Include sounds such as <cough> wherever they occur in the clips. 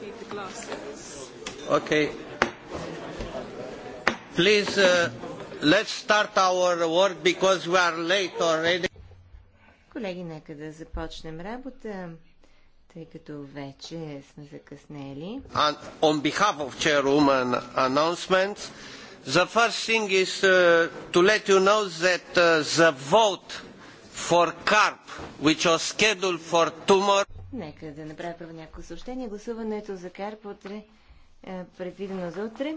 need the glasses. Okay. Please, uh, let's start our work because we are late already. Колеги, нека да започнем работа, тъй като вече сме закъснели. And on behalf of chairwoman announcements, the first thing is uh, to let you know that uh, the vote for CARP, which was scheduled for tomorrow, Нека да направя първо някакво съобщение. Гласуването за КАРП утре, е, предвидено за утре,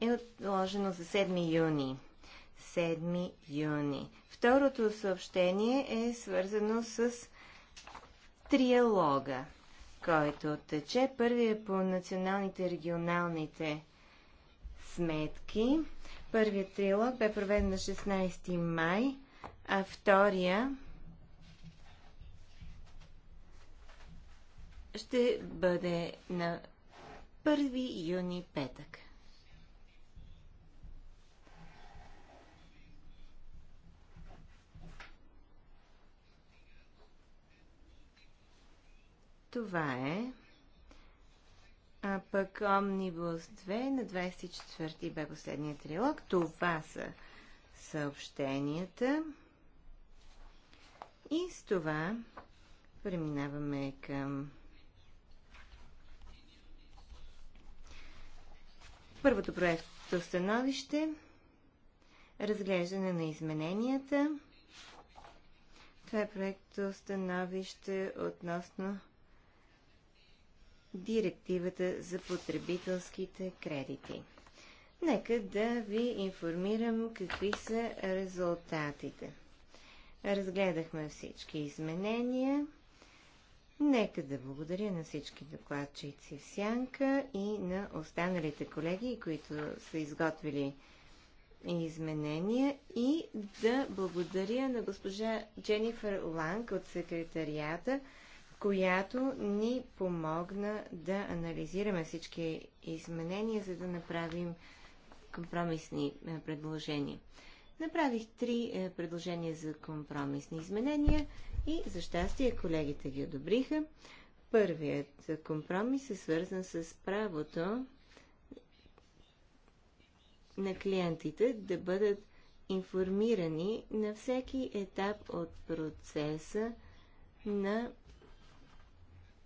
е отложено за 7 юни. 7 юни. Второто съобщение е свързано с триалога, който тече. Първият е по националните регионалните сметки. Първият триалог бе проведен на 16 май, а втория ще бъде на 1 юни петък. Това е. А пък Омнибус 2 на 24 бе последния трилог. Това са съобщенията. И с това преминаваме към Първото проекто становище е разглеждане на измененията. Това е проекто становище относно директивата за потребителските кредити. Нека да ви информирам какви са резултатите. Разгледахме всички изменения. Нека да благодаря на всички докладчици в Сянка и на останалите колеги, които са изготвили изменения и да благодаря на госпожа Дженифър Ланг от секретарията, която ни помогна да анализираме всички изменения, за да направим компромисни е, предложения. Направих три е, предложения за компромисни изменения. И за щастие колегите ги одобриха. Първият компромис е свързан с правото на клиентите да бъдат информирани на всеки етап от процеса на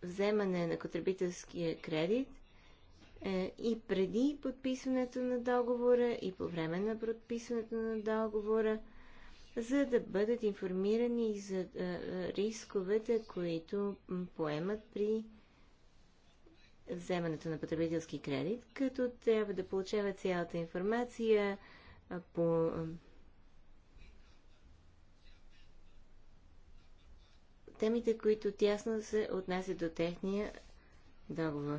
вземане на потребителския кредит е, и преди подписването на договора, и по време на подписването на договора – за да бъдат информирани за рисковете, които поемат при вземането на потребителски кредит, като трябва да получават цялата информация по темите, които тясно се отнасят до техния договор.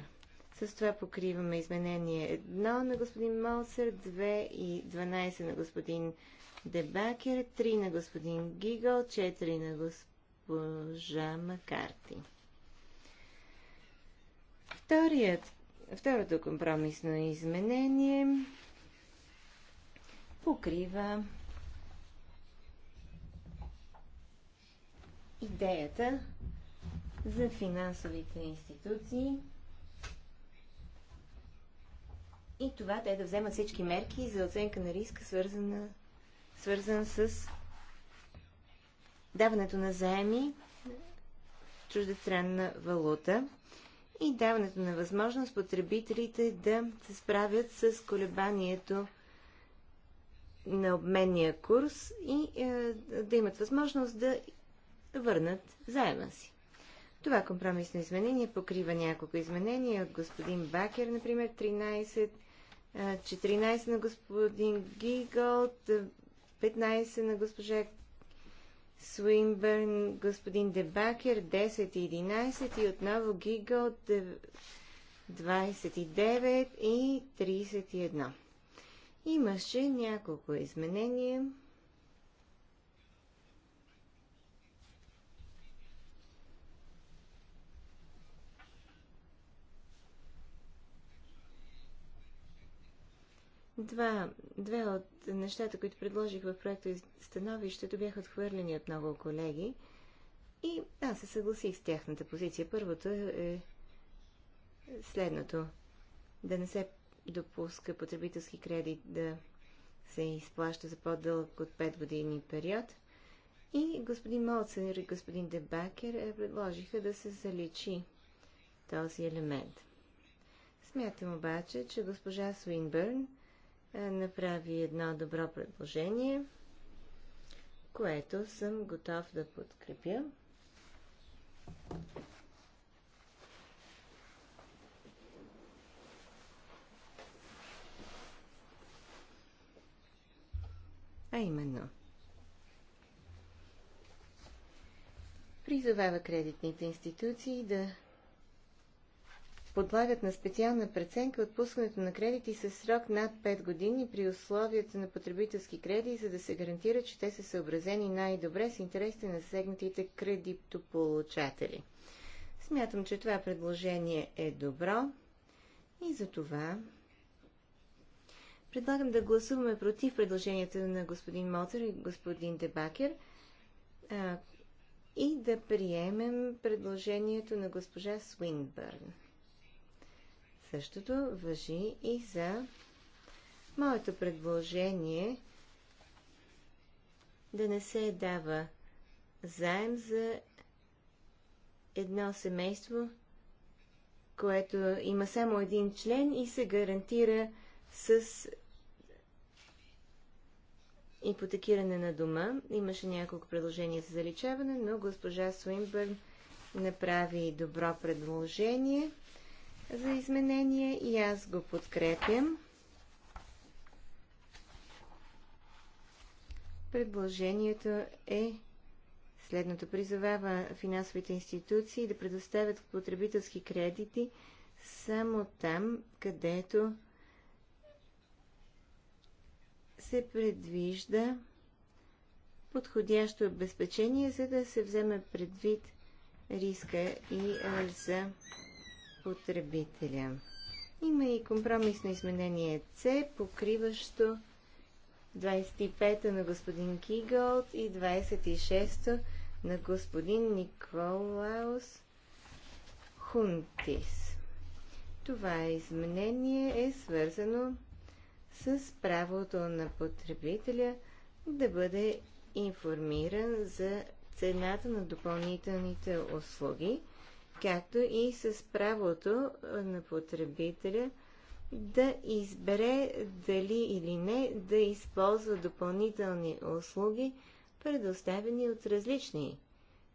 С това покриваме изменение 1 на господин Малсер, 2 и 12 на господин Дебакер, 3 на господин Гигъл, 4 на госпожа Макарти. Вторият, второто компромисно изменение покрива идеята за финансовите институции – и това те да вземат всички мерки за оценка на риска, свързана, свързан с даването на заеми в чуждестранна валута и даването на възможност потребителите да се справят с колебанието на обменния курс и е, да имат възможност да върнат заема си. Това компромисно изменение покрива няколко изменения от господин Бакер, например 13, 14 на господин Гиголд, 15 на госпожа Суинбърн, господин Дебакер, 10 и 11 и отново Гиголд, 29 и 31. Имаше няколко изменения. Два, две от нещата, които предложих в проекта становището, бяха отхвърлени от много колеги и аз се съгласих с тяхната позиция. Първото е, е следното. Да не се допуска потребителски кредит да се изплаща за по-дълъг от 5 години период. И господин Молцер и господин Дебакер е, предложиха да се заличи този елемент. Смятам обаче, че госпожа Суинбърн е, направи едно добро предложение, което съм готов да подкрепя. А именно. Призовава кредитните институции да подлагат на специална преценка отпускането на кредити със срок над 5 години при условията на потребителски кредити, за да се гарантира, че те са съобразени най-добре с интересите на сегнатите кредитополучатели. Смятам, че това предложение е добро и за това предлагам да гласуваме против предложенията на господин Моцер и господин Дебакер и да приемем предложението на госпожа Свинбърн. Същото въжи и за моето предложение да не се дава заем за едно семейство, което има само един член и се гарантира с ипотекиране на дома. Имаше няколко предложения за заличаване, но госпожа Суинбърн направи добро предложение за изменение и аз го подкрепям. Предложението е следното. Призовава финансовите институции да предоставят потребителски кредити само там, където се предвижда подходящо обезпечение, за да се вземе предвид риска и за потребителя. Има и компромисно изменение С, покриващо 25-то на господин Киголд и 26-то на господин Николаус Хунтис. Това изменение е свързано с правото на потребителя да бъде информиран за цената на допълнителните услуги, както и с правото на потребителя да избере дали или не да използва допълнителни услуги, предоставени от различни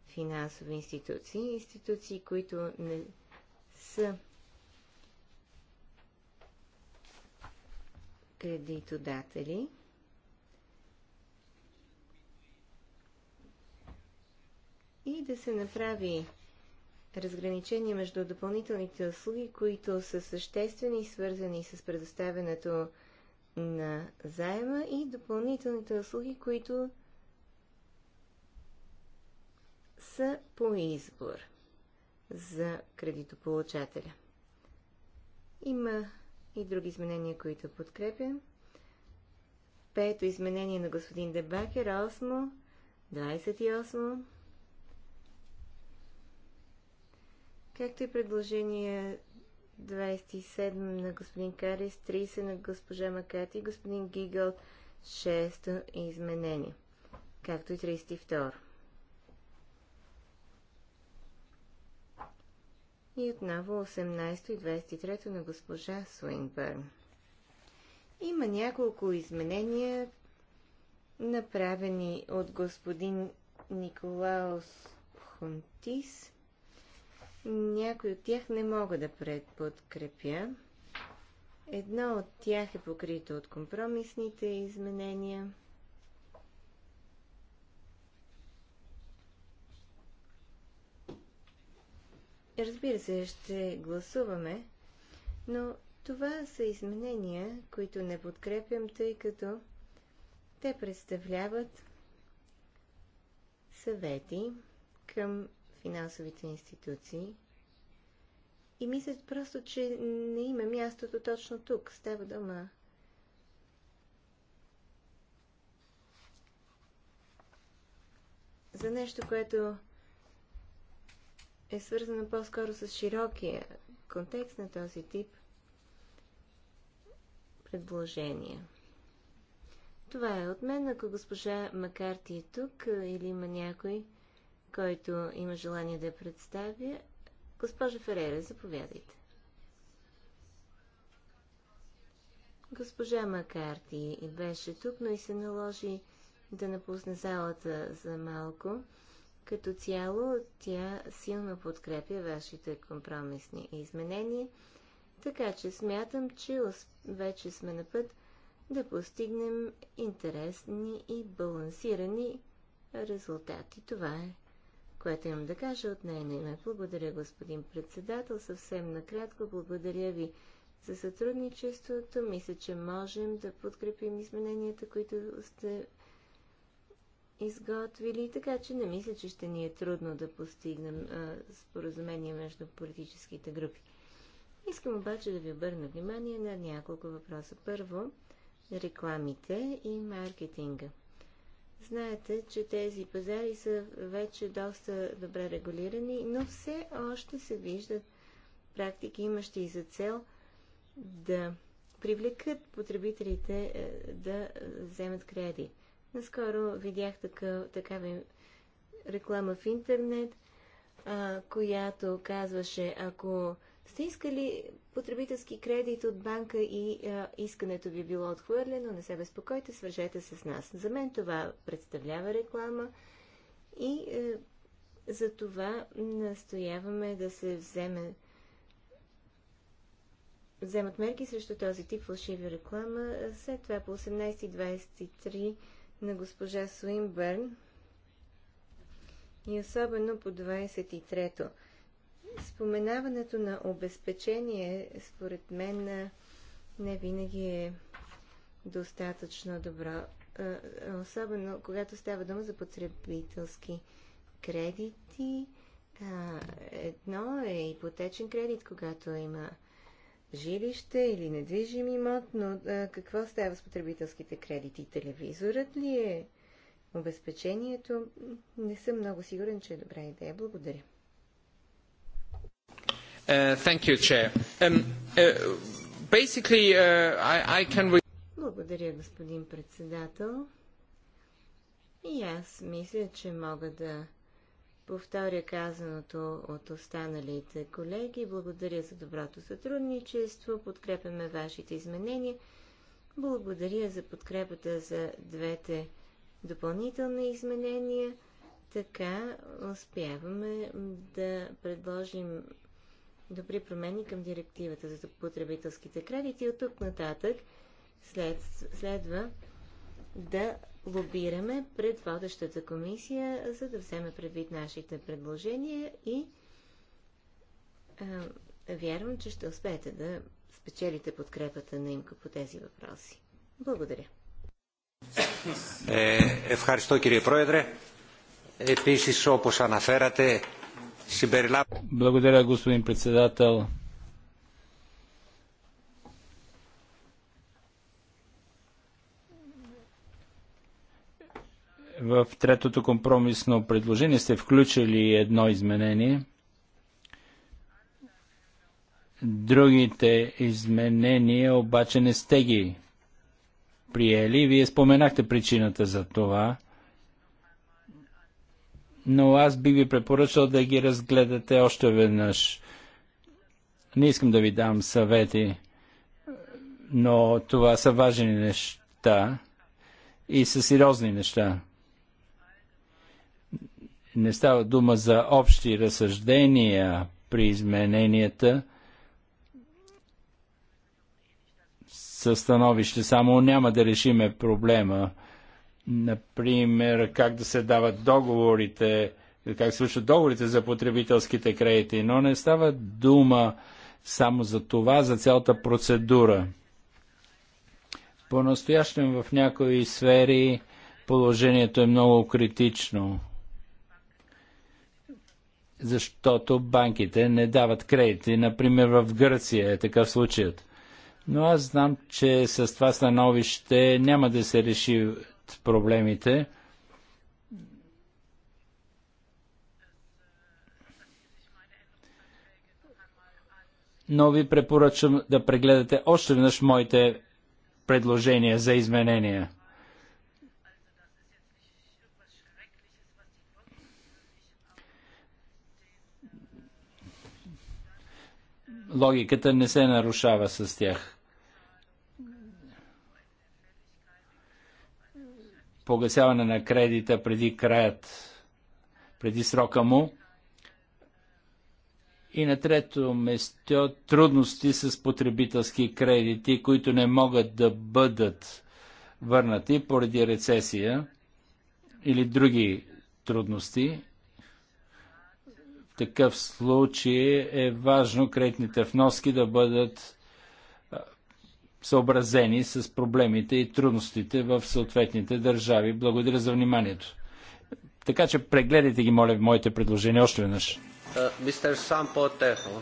финансови институции, институции, които не са кредитодатели. И да се направи разграничение между допълнителните услуги, които са съществени и свързани с предоставянето на заема и допълнителните услуги, които са по избор за кредитополучателя. Има и други изменения, които подкрепям. Пето изменение на господин Дебакер, 8, 28, както и предложение 27 на господин Карис, 30 на госпожа Макати и господин Гигъл, 6 изменение, както и 32. И отново 18 и 23 на госпожа Суинбърн. Има няколко изменения, направени от господин Николаус Хунтис някои от тях не мога да предподкрепя. Едно от тях е покрито от компромисните изменения. Разбира се, ще гласуваме, но това са изменения, които не подкрепям, тъй като те представляват съвети към финансовите институции. И мислят просто, че не има мястото точно тук. Става дума за нещо, което е свързано по-скоро с широкия контекст на този тип предложения. Това е от мен. Ако госпожа Макарти е тук или има някой, който има желание да я представя. Госпожа Ферера, заповядайте. Госпожа Макарти беше тук, но и се наложи да напусне залата за малко. Като цяло тя силно подкрепя вашите компромисни изменения, така че смятам, че вече сме на път да постигнем интересни и балансирани резултати. Това е което имам да кажа от нейно име. Благодаря, господин председател. Съвсем накратко благодаря ви за сътрудничеството. Мисля, че можем да подкрепим измененията, които сте изготвили, така че не мисля, че ще ни е трудно да постигнем а, споразумение между политическите групи. Искам обаче да ви обърна внимание на няколко въпроса. Първо, рекламите и маркетинга. Знаете, че тези пазари са вече доста добре регулирани, но все още се виждат практики, имащи и за цел да привлекат потребителите е, да вземат кредит. Наскоро видях така, такава реклама в интернет, която казваше, ако сте искали потребителски кредит от банка и а, искането ви е било отхвърлено, не се безпокойте, свържете с нас. За мен това представлява реклама и а, за това настояваме да се вземе вземат мерки срещу този тип фалшиви реклама. След това по 18.23 на госпожа Суинбърн и особено по 23-то споменаването на обезпечение, според мен, не винаги е достатъчно добро. Особено когато става дума за потребителски кредити. Едно е ипотечен кредит, когато има жилище или недвижим имот, но какво става с потребителските кредити? Телевизорът ли е? Обезпечението? Не съм много сигурен, че е добра идея. Благодаря. Uh, thank you, Chair. Um, uh, basically, uh, I, I can... Благодаря, господин председател. И аз мисля, че мога да повторя казаното от останалите колеги. Благодаря за доброто сътрудничество. Подкрепяме вашите изменения. Благодаря за подкрепата за двете допълнителни изменения. Така успяваме да предложим добри промени към директивата за потребителските кредити. От тук нататък след, следва да лобираме пред водещата комисия, за да вземе предвид нашите предложения и а, вярвам, че ще успеете да спечелите подкрепата на имка по тези въпроси. Благодаря. Е, ευχαριστώ κύριε Πρόεδρε. Επίσης όπως αναφέρατε συμπεριλάβω... Благодаря, господин председател. В третото компромисно предложение сте включили едно изменение. Другите изменения обаче не сте ги приели. Вие споменахте причината за това – но аз би ви препоръчал да ги разгледате още веднъж. Не искам да ви дам съвети, но това са важни неща и са сериозни неща. Не става дума за общи разсъждения при измененията със становище. Само няма да решиме проблема Например, как да се дават договорите, как се случват договорите за потребителските кредити, но не става дума само за това, за цялата процедура. По-настоящем в някои сфери положението е много критично, защото банките не дават кредити. Например, в Гърция е такъв случаят. Но аз знам, че с това становище няма да се реши проблемите. Но ви препоръчвам да прегледате още веднъж моите предложения за изменения. логиката не се нарушава с тях. погасяване на кредита преди краят, преди срока му. И на трето место трудности с потребителски кредити, които не могат да бъдат върнати поради рецесия или други трудности. В такъв случай е важно кредитните вноски да бъдат съобразени с проблемите и трудностите в съответните държави. Благодаря за вниманието. Така че прегледайте ги, моля, моите предложения още веднъж. Е, мистер Сам Потехо.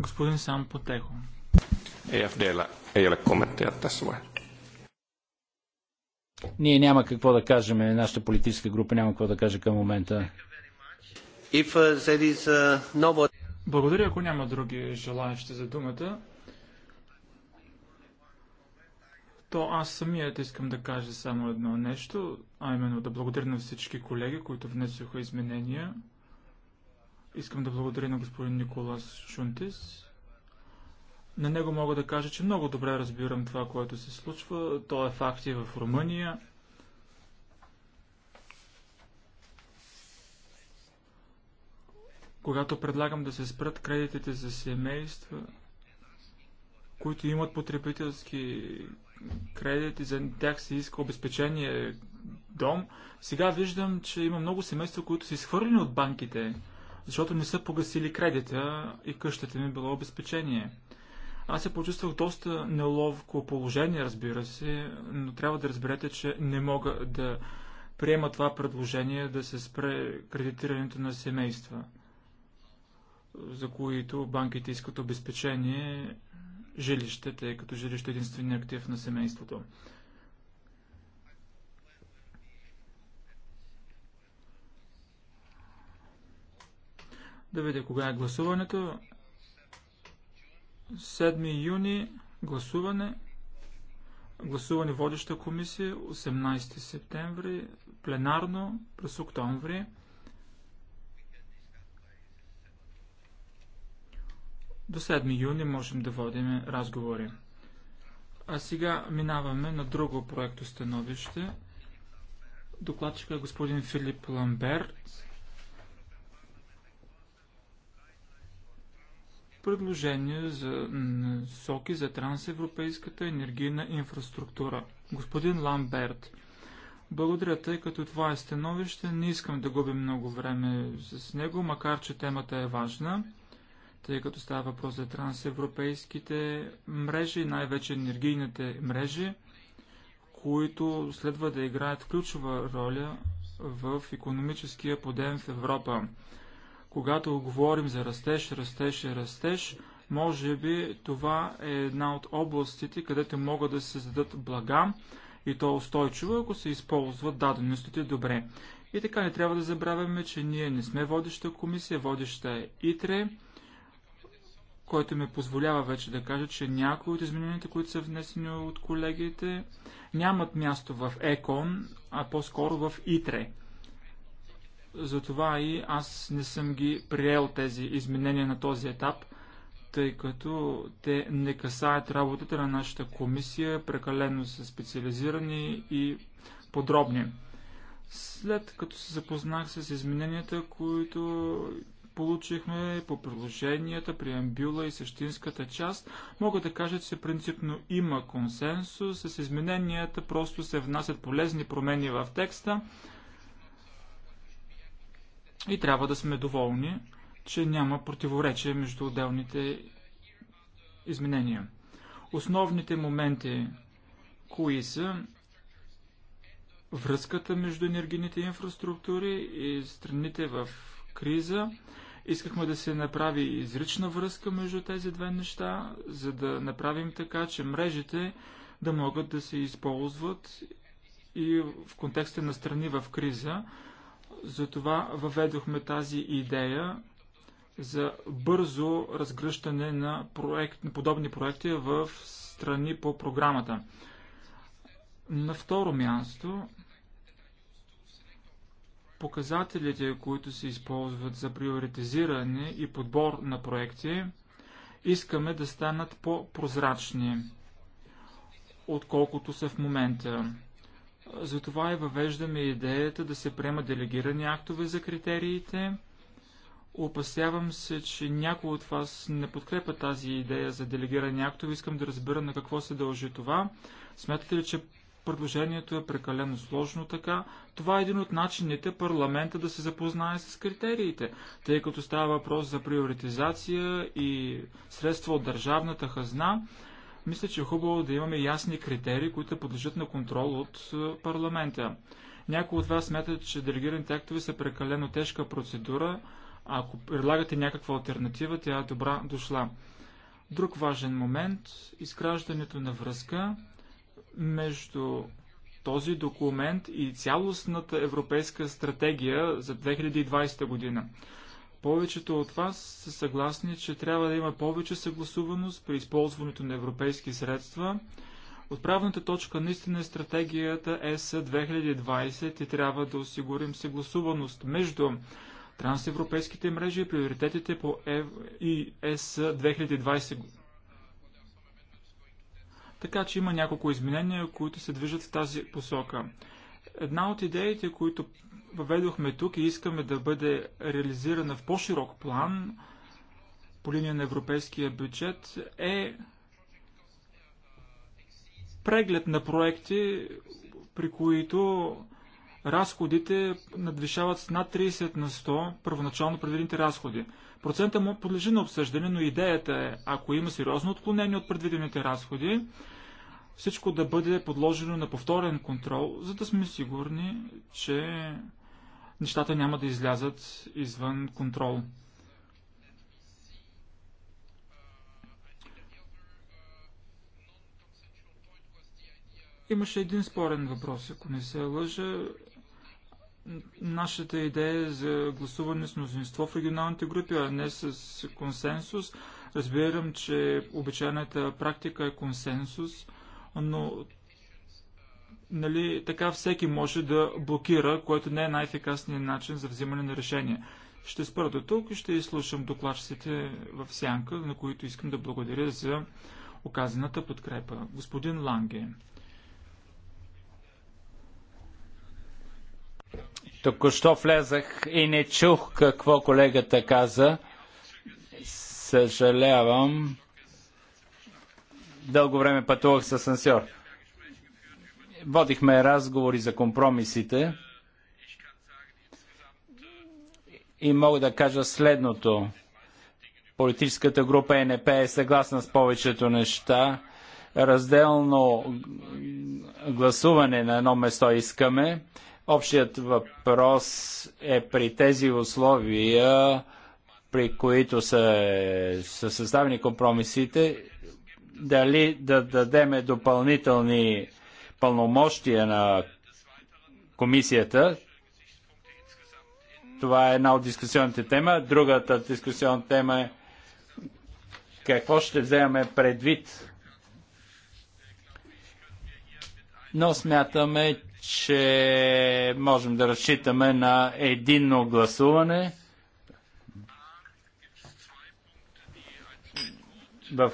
Господин Сам Потехо. EFD-llä ei ole Ние няма какво да кажем, нашата политическа група няма какво да каже към момента. If, uh, there is, uh, е, nobody... Благодаря, ако няма други желаящи за думата. То аз самият искам да кажа само едно нещо, а именно да благодаря на всички колеги, които внесоха изменения. Искам да благодаря на господин Николас Шунтис. На него мога да кажа, че много добре разбирам това, което се случва. То е факт и в Румъния. Когато предлагам да се спрат кредитите за семейства, които имат потребителски кредит и за тях се иска обезпечение дом. Сега виждам, че има много семейства, които са изхвърлени от банките, защото не са погасили кредита и къщата ми е било обезпечение. Аз се почувствах доста неловко положение, разбира се, но трябва да разберете, че не мога да приема това предложение да се спре кредитирането на семейства, за които банките искат обезпечение жилище, тъй като жилище е единствения актив на семейството. Да видя кога е гласуването. 7 юни гласуване. Гласуване водеща комисия 18 септември, пленарно през октомври. До 7 юни можем да водим разговори. А сега минаваме на друго проекто становище. Докладчика е господин Филип Ламбер. Предложение за соки за трансевропейската енергийна инфраструктура. Господин Ламберт, благодаря, тъй като това е становище. Не искам да губим много време с него, макар че темата е важна тъй като става въпрос за трансевропейските мрежи, най-вече енергийните мрежи, които следва да играят ключова роля в економическия подем в Европа. Когато говорим за растеж, растеж и растеж, може би това е една от областите, където могат да се създадат блага и то устойчиво, ако се използват даденостите добре. И така не трябва да забравяме, че ние не сме водеща комисия, водеща е ИТРЕ, който ми позволява вече да кажа, че някои от измененията, които са внесени от колегите, нямат място в ЕКОН, а по-скоро в ИТРЕ. Затова и аз не съм ги приел тези изменения на този етап, тъй като те не касаят работата на нашата комисия, прекалено са специализирани и подробни. След като се запознах с измененията, които получихме по приложенията, преамбюла и същинската част, мога да кажа, че принципно има консенсус. С измененията просто се внасят полезни промени в текста и трябва да сме доволни, че няма противоречие между отделните изменения. Основните моменти, кои са връзката между енергийните инфраструктури и страните в криза – Искахме да се направи изрична връзка между тези две неща, за да направим така, че мрежите да могат да се използват и в контекста на страни в криза. Затова въведохме тази идея за бързо разгръщане на, проект, на подобни проекти в страни по програмата. На второ място показателите, които се използват за приоритизиране и подбор на проекти, искаме да станат по-прозрачни, отколкото са в момента. Затова и въвеждаме идеята да се приема делегирани актове за критериите. Опасявам се, че някои от вас не подкрепа тази идея за делегирани актове. Искам да разбера на какво се дължи това. Смятате ли, че Предложението е прекалено сложно така. Това е един от начините парламента да се запознае с критериите, тъй като става въпрос за приоритизация и средства от държавната хазна. Мисля, че е хубаво да имаме ясни критерии, които подлежат на контрол от е, парламента. Някои от вас смятат, че делегираните актове са прекалено тежка процедура. ако предлагате някаква альтернатива, тя е добра дошла. Друг важен момент – изграждането на връзка между този документ и цялостната европейска стратегия за 2020 година. Повечето от вас са съгласни, че трябва да има повече съгласуваност при използването на европейски средства. Отправната точка наистина е стратегията ЕС 2020 и трябва да осигурим съгласуваност между трансевропейските мрежи и приоритетите по ЕС 2020 така че има няколко изменения, които се движат в тази посока. Една от идеите, които въведохме тук и искаме да бъде реализирана в по-широк план по линия на европейския бюджет е преглед на проекти, при които разходите надвишават с над 30 на 100 първоначално предвидените разходи. Процента му подлежи на обсъждане, но идеята е, ако има сериозно отклонение от предвидените разходи, всичко да бъде подложено на повторен контрол, за да сме сигурни, че нещата няма да излязат извън контрол. Имаше един спорен въпрос, ако не се лъжа. Нашата идея е за гласуване с мнозинство в регионалните групи, а не с консенсус. Разбирам, че обичайната практика е консенсус но нали, така всеки може да блокира, което не е най-ефикасният начин за взимане на решение. Ще спра до тук и ще изслушам докладчиците в сянка, на които искам да благодаря за оказаната подкрепа. Господин Ланге. Току-що влезах и не чух какво колегата каза. Съжалявам дълго време пътувах с асансьор. Водихме разговори за компромисите и мога да кажа следното. Политическата група е НП е съгласна с повечето неща. Разделно гласуване на едно место искаме. Общият въпрос е при тези условия, при които са, са съставени компромисите, дали да дадеме допълнителни пълномощия на комисията. Това е една от дискусионните тема. Другата дискусионна тема е какво ще вземем предвид. Но смятаме, че можем да разчитаме на единно гласуване. в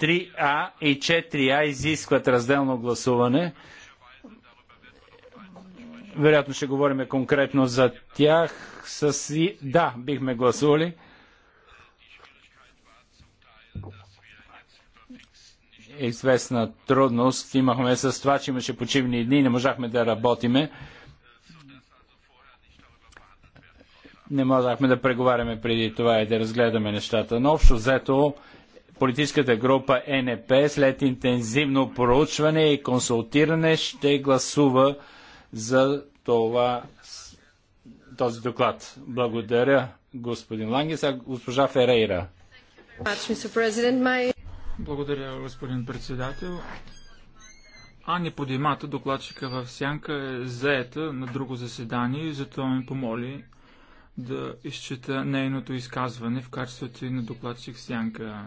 3А и 4А изискват разделно гласуване. Вероятно ще говорим конкретно за тях. С... Да, бихме гласували. Известна трудност имахме с това, че имаше почивни дни и не можахме да работиме. не можахме да преговаряме преди това и да разгледаме нещата. Но общо взето политическата група е НП след интензивно проучване и консултиране ще гласува за това този доклад. Благодаря, господин Лангис, а госпожа Ферейра. Благодаря, господин председател. Ани Подимата, докладчика в Сянка, е заета на друго заседание и затова ми помоли да изчита нейното изказване в качеството и на докладчик Сянка.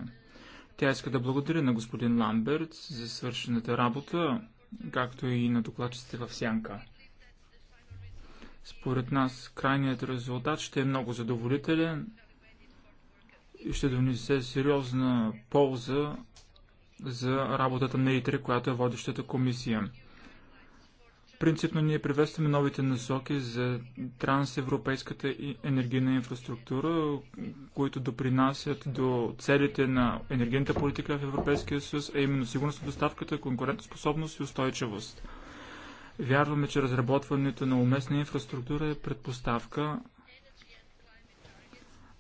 Тя иска да благодаря на господин Ламберт за свършената работа, както и на докладчиците в Сянка. Според нас крайният резултат ще е много задоволителен и ще донесе сериозна полза за работата на ИТРЕ, която е водещата комисия. Принципно ние приветстваме новите насоки за трансевропейската енергийна инфраструктура, които допринасят до целите на енергийната политика в Европейския съюз, а именно сигурност на доставката, конкурентоспособност и устойчивост. Вярваме, че разработването на уместна инфраструктура е предпоставка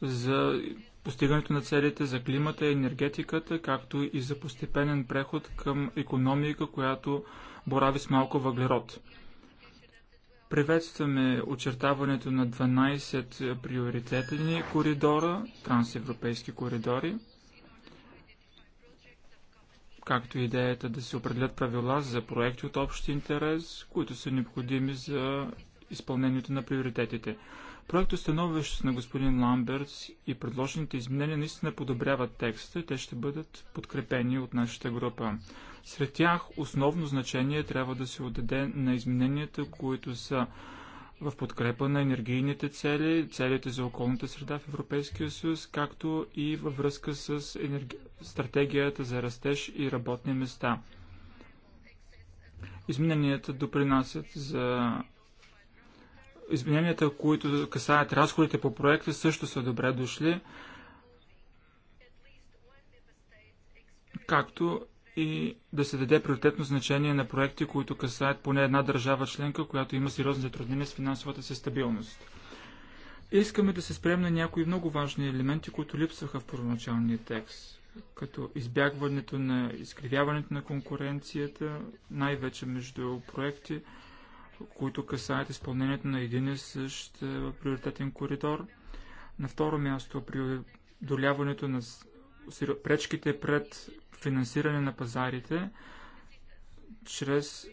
за постигането на целите за климата и енергетиката, както и за постепенен преход към економика, която борави с малко въглерод. Приветстваме очертаването на 12 приоритетни коридора, трансевропейски коридори, както и идеята да се определят правила за проекти от общ интерес, които са необходими за изпълнението на приоритетите. Проекто становище на господин Ламбертс и предложените изменения наистина подобряват текста и те ще бъдат подкрепени от нашата група. Сред тях основно значение трябва да се отдаде на измененията, които са в подкрепа на енергийните цели, целите за околната среда в Европейския съюз, както и във връзка с енерги... стратегията за растеж и работни места. Измененията допринасят за Измененията, които касаят разходите по проекта, също са добре дошли, както и да се даде приоритетно значение на проекти, които касаят поне една държава членка, която има сериозни затруднения с финансовата си стабилност. Искаме да се спрем на някои много важни елементи, които липсваха в първоначалния текст, като избягването на изкривяването на конкуренцията, най-вече между проекти, които касаят изпълнението на един и същ е, приоритетен коридор. На второ място, преодоляването на пречките пред финансиране на пазарите чрез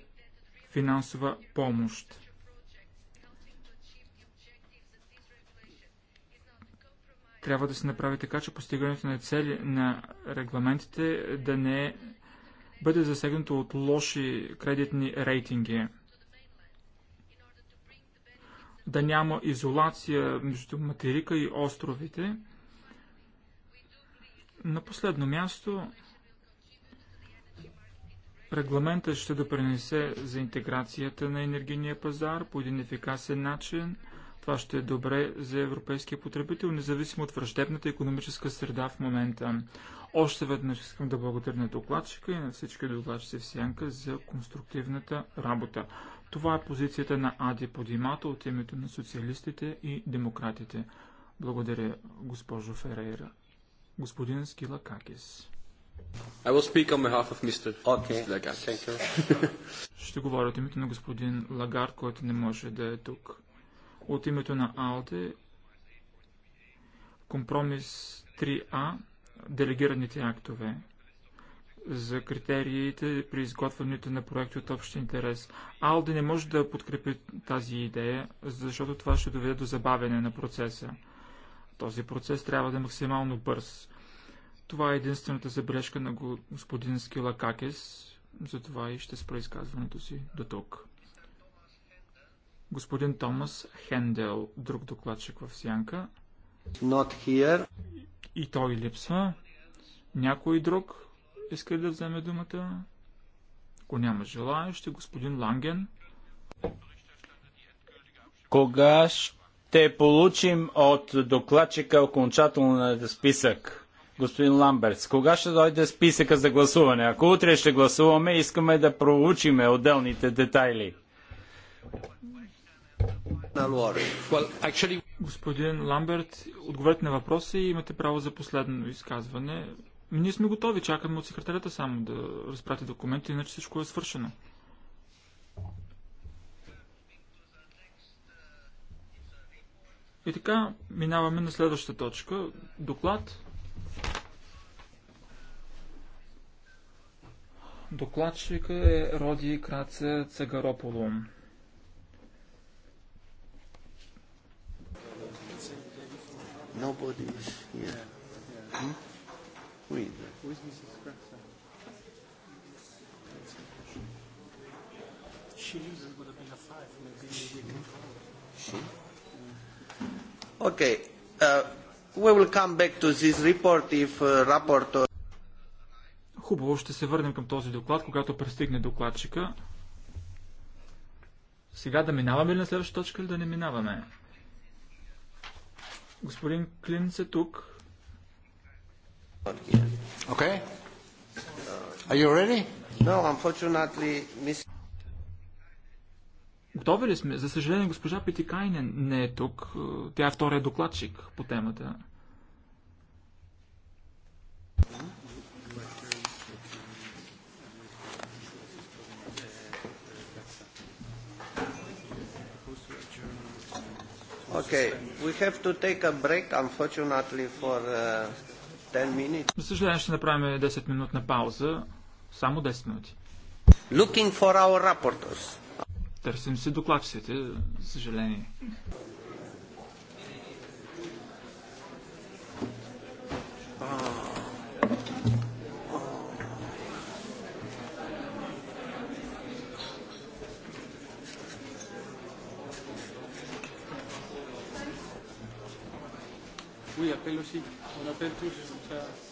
финансова помощ. Трябва да се направи така, че постигането на цели на регламентите да не бъде засегнато от лоши кредитни рейтинги да няма изолация между материка и островите. На последно място, регламентът ще допринесе за интеграцията на енергийния пазар по един ефикасен начин. Това ще е добре за европейския потребител, независимо от враждебната економическа среда в момента. Още веднъж искам да благодаря на докладчика и на всички докладчици в Сянка за конструктивната работа. Това е позицията на Ади Подимата от името на социалистите и демократите. Благодаря, госпожо Ферейра. Господин Какис. I will speak on behalf of Mr. Okay. Mr. Lagarde. Thank you. <laughs> Ще говоря от името на господин Лагард, който не може да е тук. От името на АЛДЕ, компромис 3А, делегираните актове за критериите при изготвянето на проекти от общ интерес. Алди не може да подкрепи тази идея, защото това ще доведе до забавяне на процеса. Този процес трябва да е максимално бърз. Това е единствената забележка на господин Скила Какес, затова и ще спра изказването си до тук. Господин Томас Хендел, друг докладчик в Сянка. Not here. И той липсва. Някой друг? иска ли да вземе думата? Ако няма желаящи, господин Ланген. Кога ще получим от докладчика окончателния списък? Господин Ламберц, кога ще дойде списъка за гласуване? Ако утре ще гласуваме, искаме да проучиме отделните детайли. Господин Ламберт, отговорете на въпроса и имате право за последно изказване. Ние сме готови, чакаме от секретарята само да разпрати документи, иначе всичко е свършено. И така, минаваме на следващата точка. Доклад. Докладчика е Роди Краце Цегарополо. Nobody is here. Hmm? Okay. Uh, we will come back to this report if uh, report... Хубаво, ще се върнем към този доклад, когато пристигне докладчика. Сега да минаваме ли на следващата точка или да не минаваме? Господин Клинц е тук. Okay? Are you ready? No, unfortunately, miss... Готови ли сме? За съжаление, госпожа Петикайнен не е тук. Тя е втория докладчик по темата. Okay, we have to take a break, unfortunately, for uh, за съжаление ще направим 10 минутна пауза. Само 10 минути. Looking for our Търсим си докладчиците, за съжаление. Oui, appelle aussi. On appelle tous uh,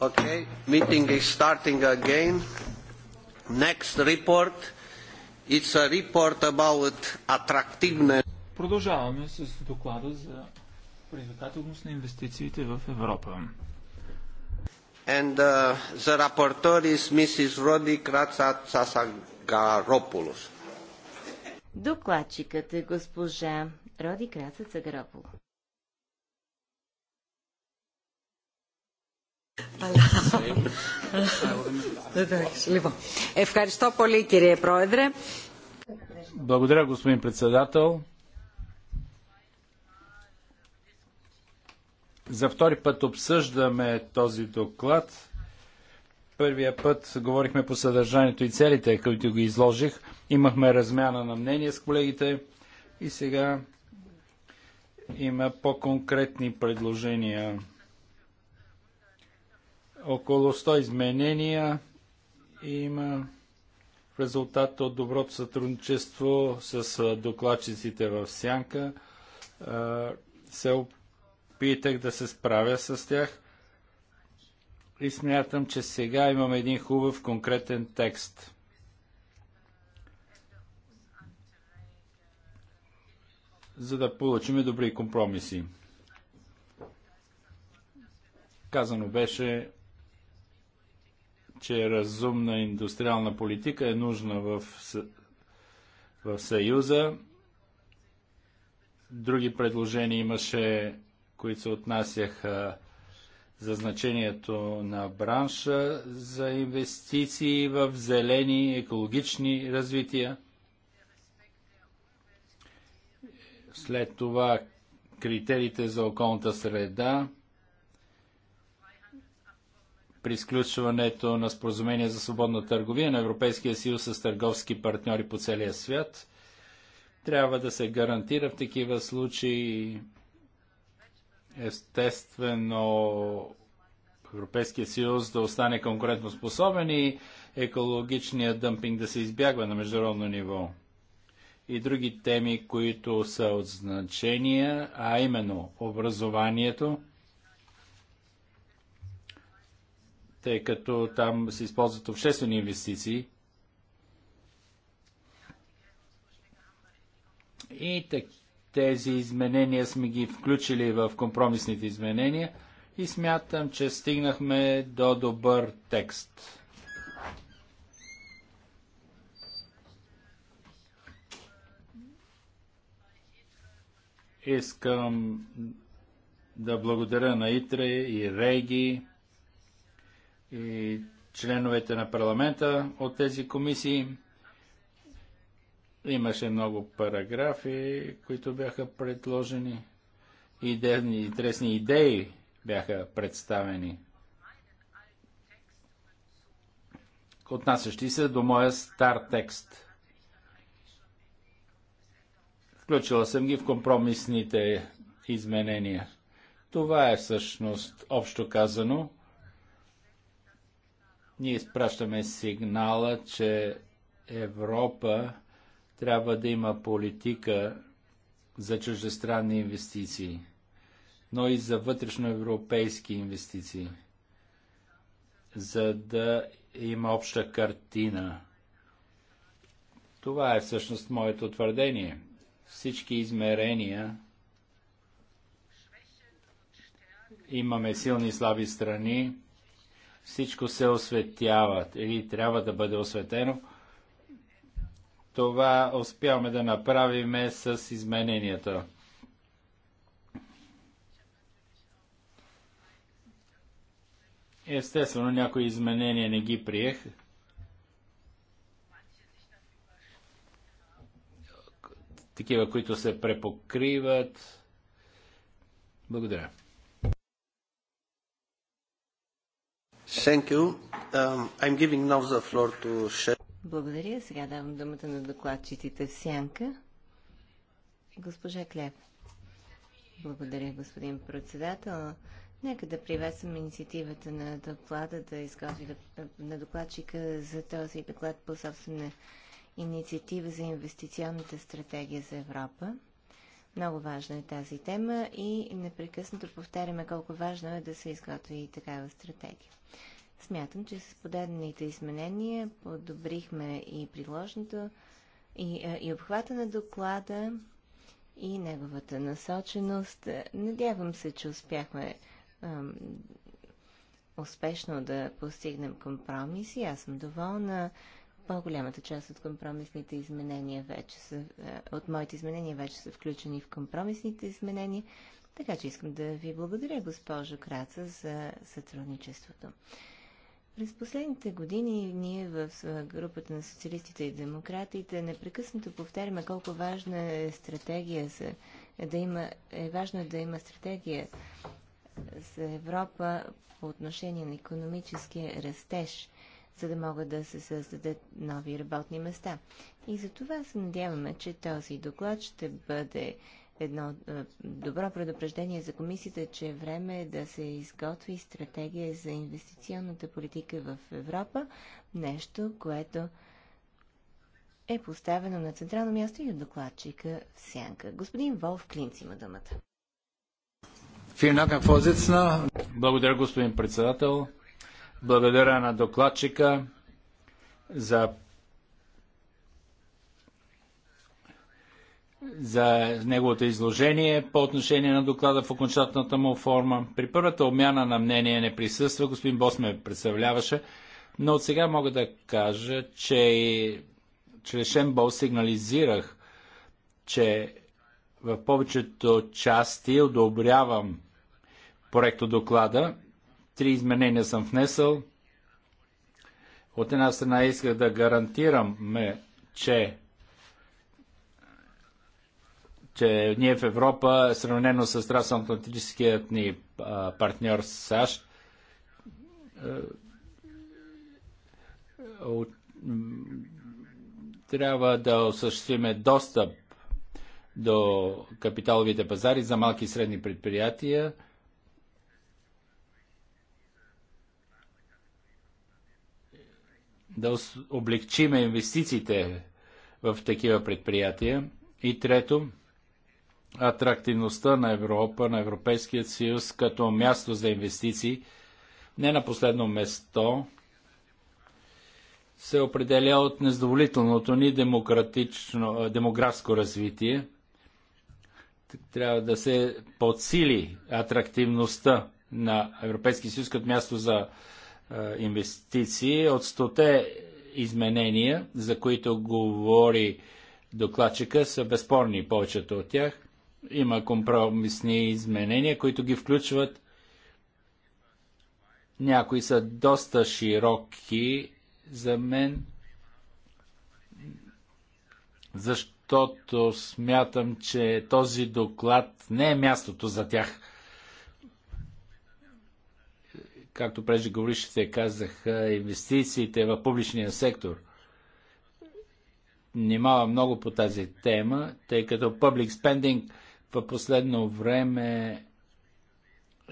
Okay, meeting is starting again. Next report. It's a report about attractiveness. Продължаваме с доклада за привлекателност на инвестициите в Европа. And uh, the rapporteur is Mrs. Rodi Kratsa-Tsasagaropoulos. Докладчикът е госпожа Роди Краца Цагаропова. Ευχαριστώ πολύ, κύριε Πρόεδρε. Благодаря, господин председател. За втори път обсъждаме този доклад. Първия път говорихме по съдържанието и целите, които го изложих. Имахме размяна на мнение с колегите и сега има по-конкретни предложения около 100 изменения има в резултат от доброто сътрудничество с докладчиците в Сянка. Се опитах да се справя с тях и смятам, че сега имам един хубав конкретен текст. за да получим добри компромиси. Казано беше, че разумна индустриална политика е нужна в, в Съюза. Други предложения имаше, които се отнасяха за значението на бранша за инвестиции в зелени екологични развития. След това критериите за околната среда при изключването на споразумение за свободна търговия на Европейския съюз с търговски партньори по целия свят. Трябва да се гарантира в такива случаи естествено Европейския съюз да остане конкурентоспособен и екологичният дъмпинг да се избягва на международно ниво. И други теми, които са от значение, а именно образованието, тъй като там се използват обществени инвестиции. И тези изменения сме ги включили в компромисните изменения и смятам, че стигнахме до добър текст. Искам да благодаря на Итре и Реги и членовете на парламента от тези комисии. Имаше много параграфи, които бяха предложени. Идеи, интересни идеи бяха представени. Отнасящи се до моя стар текст. Включила съм ги в компромисните изменения. Това е всъщност общо казано ние изпращаме сигнала, че Европа трябва да има политика за чуждестранни инвестиции, но и за вътрешноевропейски инвестиции, за да има обща картина. Това е всъщност моето твърдение. Всички измерения имаме силни и слаби страни, всичко се осветява или трябва да бъде осветено. Това успяваме да направим с измененията. Естествено, някои изменения не ги приех. Такива, които се препокриват. Благодаря. Um, to... Благодаря. Сега давам думата на докладчиците в сянка. Госпожа Клеп. Благодаря, господин председател. Нека да приветствам инициативата на доклада да изготви на докладчика за този доклад по собствена инициатива за инвестиционната стратегия за Европа. Много важна е тази тема и непрекъснато повтаряме колко важно е да се изготви и такава стратегия. Смятам, че с подадените изменения подобрихме и приложното и, е, и обхвата на доклада и неговата насоченост. Надявам се, че успяхме ам, успешно да постигнем компромиси. Аз съм доволна по-голямата част от компромисните изменения вече са, е, от моите изменения вече са включени в компромисните изменения, така че искам да ви благодаря, госпожо Краца, за сътрудничеството. През последните години ние в групата на социалистите и демократите непрекъснато повтаряме колко важна е стратегия за, да има, е важно да има стратегия за Европа по отношение на економическия растеж за да могат да се създадат нови работни места. И за това се надяваме, че този доклад ще бъде едно е, добро предупреждение за комисията, че е време да се изготви стратегия за инвестиционната политика в Европа, нещо, което е поставено на централно място и от докладчика в Сянка. Господин Волф Клинц има думата. Благодаря, господин председател. Благодаря на докладчика за за неговото изложение по отношение на доклада в окончателната му форма. При първата обмяна на мнение не присъства, господин Бос ме представляваше, но от сега мога да кажа, че чрез Шенбол сигнализирах, че в повечето части одобрявам проекто доклада Три изменения съм внесъл. От една страна исках да гарантираме, че че ние в Европа, сравнено с трансатлантическият ни партньор САЩ, трябва да осъществиме достъп до капиталовите пазари за малки и средни предприятия – да облегчиме инвестициите в такива предприятия. И трето, атрактивността на Европа, на Европейския съюз като място за инвестиции, не на последно место, се определя от незадоволителното ни демократично, демографско развитие. Трябва да се подсили атрактивността на Европейския съюз като място за инвестиции. От стоте изменения, за които говори докладчика, са безспорни повечето от тях. Има компромисни изменения, които ги включват. Някои са доста широки за мен, защото смятам, че този доклад не е мястото за тях Както преждеговорившите казах, инвестициите в публичния сектор Немава много по тази тема, тъй като public spending в последно време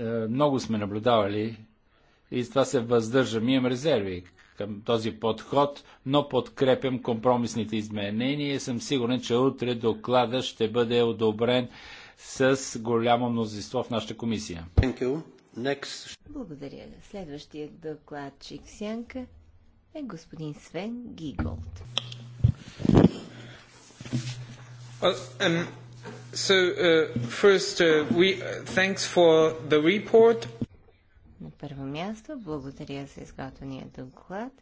е, много сме наблюдавали и с това се въздържам. Имам резерви към този подход, но подкрепям компромисните изменения и съм сигурен, че утре доклада ще бъде одобрен с голямо мнозинство в нашата комисия. Thank you. Next. Благодаря. Следващият докладчик Сянка е господин Свен Гиголд. Well, um, so, uh, first, uh, we, uh, thanks for the report. На първо място, благодаря за изготвения доклад.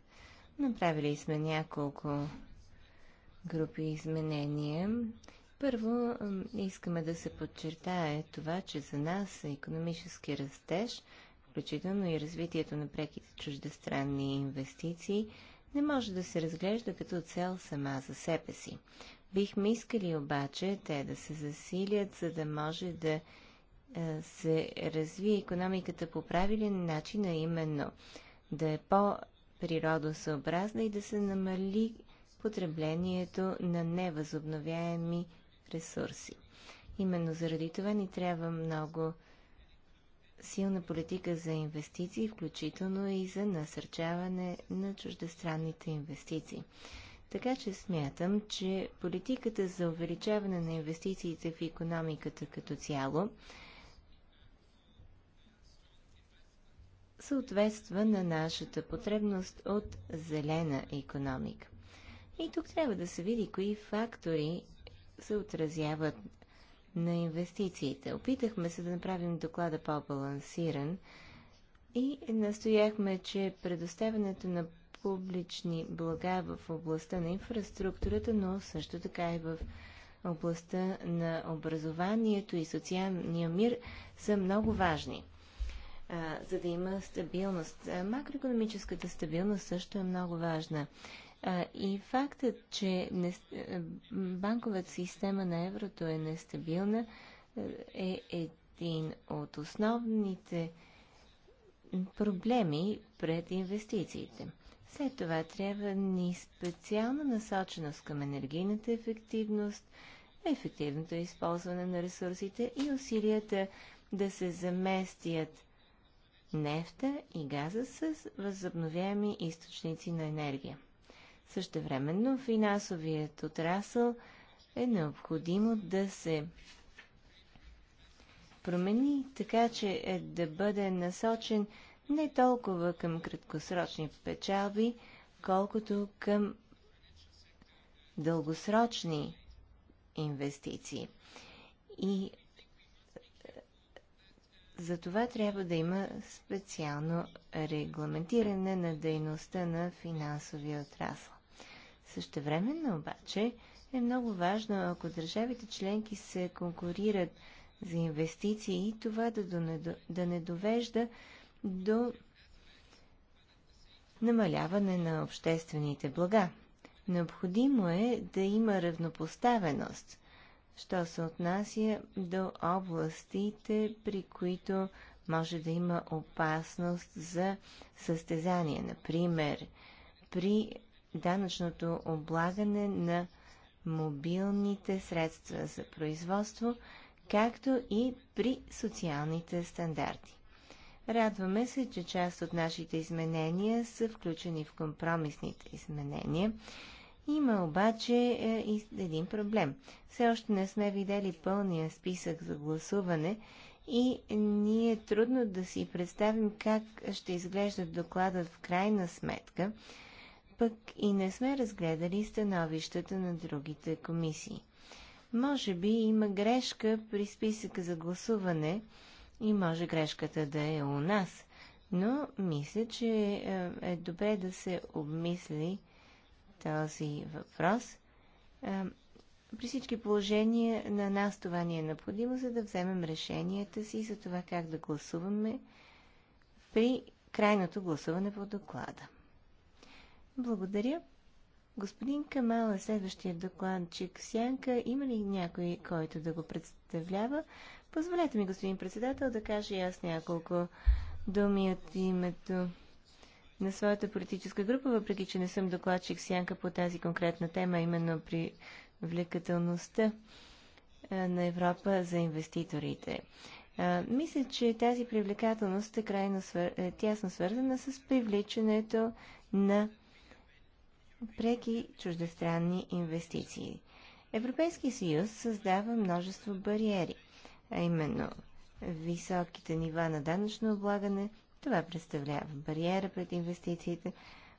Направили сме няколко групи изменения. Първо, искаме да се подчертае това, че за нас економически растеж, включително и развитието на преките чуждестранни инвестиции, не може да се разглежда като цел сама за себе си. Бихме искали обаче те да се засилят, за да може да се развие економиката по правилен начин, а именно да е по-природосъобразна и да се намали потреблението на невъзобновяеми ресурси. Именно заради това ни трябва много силна политика за инвестиции, включително и за насърчаване на чуждестранните инвестиции. Така че смятам, че политиката за увеличаване на инвестициите в економиката като цяло съответства на нашата потребност от зелена економика. И тук трябва да се види кои фактори се отразяват на инвестициите. Опитахме се да направим доклада по-балансиран и настояхме, че предоставянето на публични блага в областта на инфраструктурата, но също така и в областта на образованието и социалния мир са много важни, за да има стабилност. Макроекономическата стабилност също е много важна. И фактът, че е, банковата система на еврото е нестабилна, е, е един от основните проблеми пред инвестициите. След това трябва ни специална насоченост към енергийната ефективност, ефективното използване на ресурсите и усилията да се заместят нефта и газа с възобновяеми източници на енергия. Същевременно финансовият отрасъл е необходимо да се промени така, че е да бъде насочен не толкова към краткосрочни печалби, колкото към дългосрочни инвестиции. И е, за това трябва да има специално регламентиране на дейността на финансовия отрасъл. Същевременно обаче е много важно, ако държавите членки се конкурират за инвестиции и това да, да не довежда до намаляване на обществените блага. Необходимо е да има равнопоставеност, що се отнася до областите, при които може да има опасност за състезание. Например, при данъчното облагане на мобилните средства за производство, както и при социалните стандарти. Радваме се, че част от нашите изменения са включени в компромисните изменения. Има обаче е, и един проблем. Все още не сме видели пълния списък за гласуване и ние е трудно да си представим как ще изглежда докладът в крайна сметка – пък и не сме разгледали становищата на другите комисии. Може би има грешка при списъка за гласуване и може грешката да е у нас, но мисля, че е, е добре да се обмисли този въпрос. Е, при всички положения на нас това ни е необходимо, за да вземем решенията си за това как да гласуваме при крайното гласуване по доклада. Благодаря. Господин Камал е следващия докладчик Сянка. Има ли някой, който да го представлява? Позволете ми, господин председател, да кажа и аз няколко думи от името на своята политическа група, въпреки че не съм докладчик Сянка по тази конкретна тема, именно при влекателността на Европа за инвеститорите. мисля, че тази привлекателност е крайно свър... Е тясно свързана с привличането на преки чуждестранни инвестиции. Европейският съюз създава множество бариери, а именно високите нива на данъчно облагане, това представлява бариера пред инвестициите.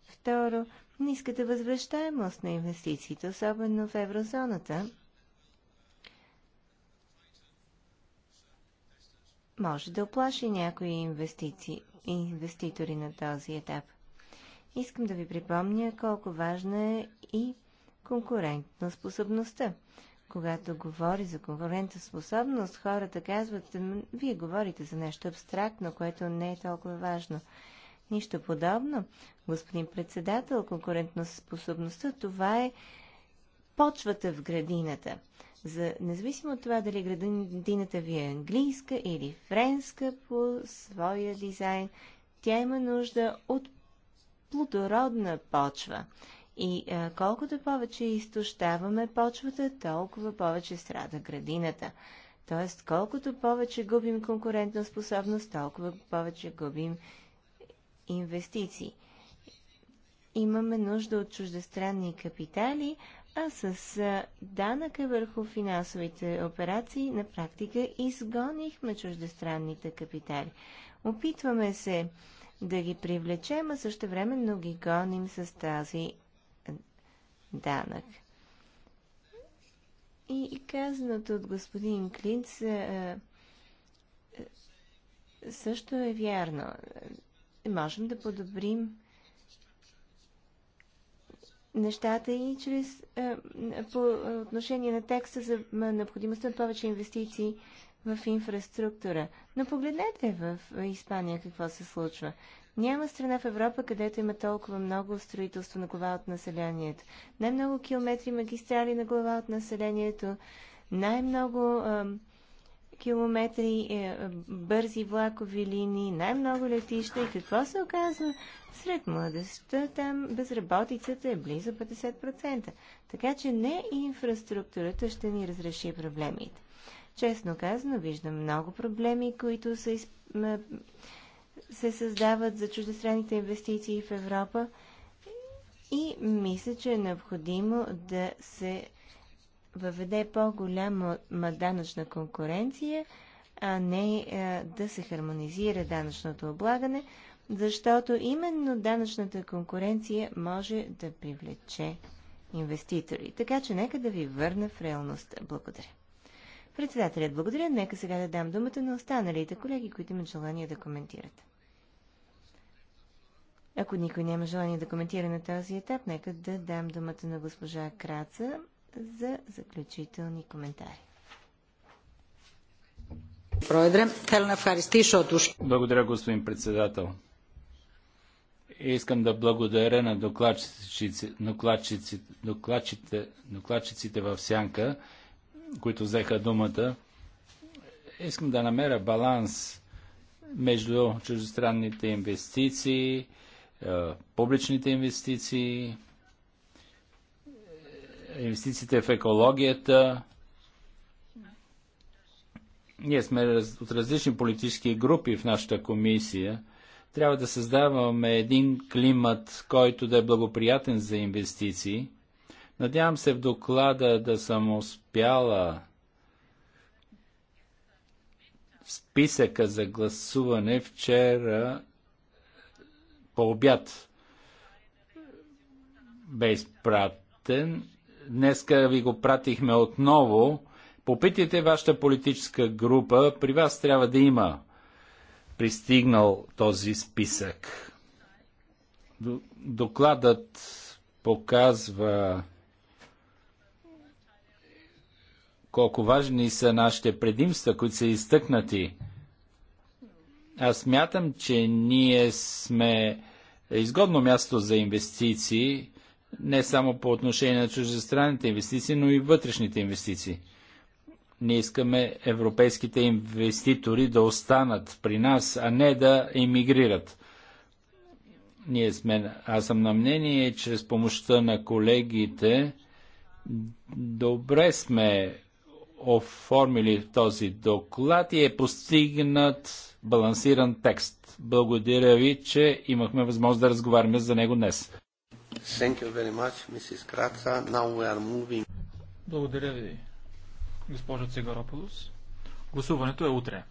Второ, ниската възвръщаемост на инвестициите, особено в еврозоната, може да оплаши някои инвестиции, инвеститори на този етап. Искам да ви припомня колко важна е и конкурентна способността. Когато говори за конкурентна способност, хората казват, вие говорите за нещо абстрактно, което не е толкова важно. Нищо подобно. Господин председател, конкурентна способността, това е почвата в градината. За, независимо от това дали градината ви е английска или френска по своя дизайн, тя има нужда от плодородна почва. И а, е, колкото повече изтощаваме почвата, толкова повече страда градината. Тоест, колкото повече губим конкурентна способност, толкова повече губим инвестиции. Имаме нужда от чуждестранни капитали, а с е, данъка върху финансовите операции на практика изгонихме чуждестранните капитали. Опитваме се да ги привлечем, а също но ги гоним с тази данък. И казаното от господин Клинц също е вярно. Можем да подобрим нещата и чрез по отношение на текста за необходимостта от повече инвестиции в инфраструктура. Но погледнете в Испания какво се случва. Няма страна в Европа, където има толкова много строителство на глава от населението. Най-много километри магистрали на глава от населението, най-много километри е, бързи влакови линии, най-много летища и какво се оказва? Сред младеща там безработицата е близо 50%. Така че не инфраструктурата ще ни разреши проблемите. Честно казано, виждам много проблеми, които се, из... се създават за чуждестранните инвестиции в Европа и мисля, че е необходимо да се въведе по-голяма данъчна конкуренция, а не а, е, да се хармонизира данъчното облагане, защото именно данъчната конкуренция може да привлече инвеститори. Така че нека да ви върна в реалността. Благодаря. Председателят, благодаря. Нека сега да дам думата на останалите колеги, които имат желание да коментират. Ако никой няма желание да коментира на този етап, нека да дам думата на госпожа Краца за заключителни коментари. Благодаря, господин председател. Искам да благодаря на докладчиците, докладчиците, докладчиците в Сянка които взеха думата. Искам да намеря баланс между чуждестранните инвестиции, е, публичните инвестиции, инвестициите в екологията. Ние сме от различни политически групи в нашата комисия. Трябва да създаваме един климат, който да е благоприятен за инвестиции. Надявам се в доклада да съм успяла в списъка за гласуване вчера по обяд бе изпратен. Днеска ви го пратихме отново. Попитайте вашата политическа група. При вас трябва да има пристигнал този списък. Докладът показва колко важни са нашите предимства, които са изтъкнати. Аз мятам, че ние сме изгодно място за инвестиции, не само по отношение на чуждестранните инвестиции, но и вътрешните инвестиции. Ние искаме европейските инвеститори да останат при нас, а не да емигрират. Ние сме, аз съм на мнение, чрез помощта на колегите, добре сме оформили този доклад и е постигнат балансиран текст. Благодаря ви, че имахме възможност да разговаряме за него днес. Much, Благодаря ви, госпожо Цигарополос. Гласуването е утре.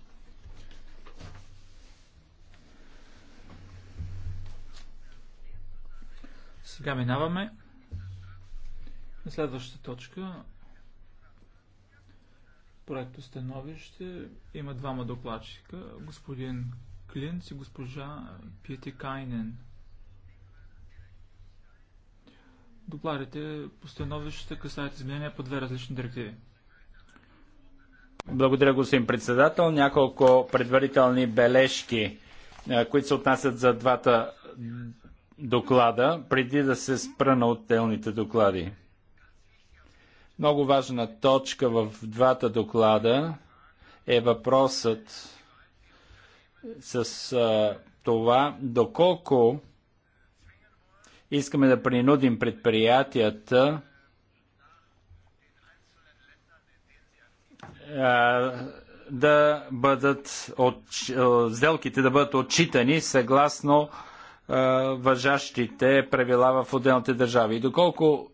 Сега минаваме на следващата точка проекто становище. Има двама докладчика, господин Клинц и госпожа Пити Кайнен. Докладите по становищата касаят изменения по две различни директиви. Благодаря, господин председател. Няколко предварителни бележки, е, които се отнасят за двата доклада, преди да се спра на отделните доклади. Много важна точка в двата доклада е въпросът с а, това доколко искаме да принудим предприятията а, да бъдат от, сделките да бъдат отчитани съгласно а, въжащите правила в отделните държави. И доколко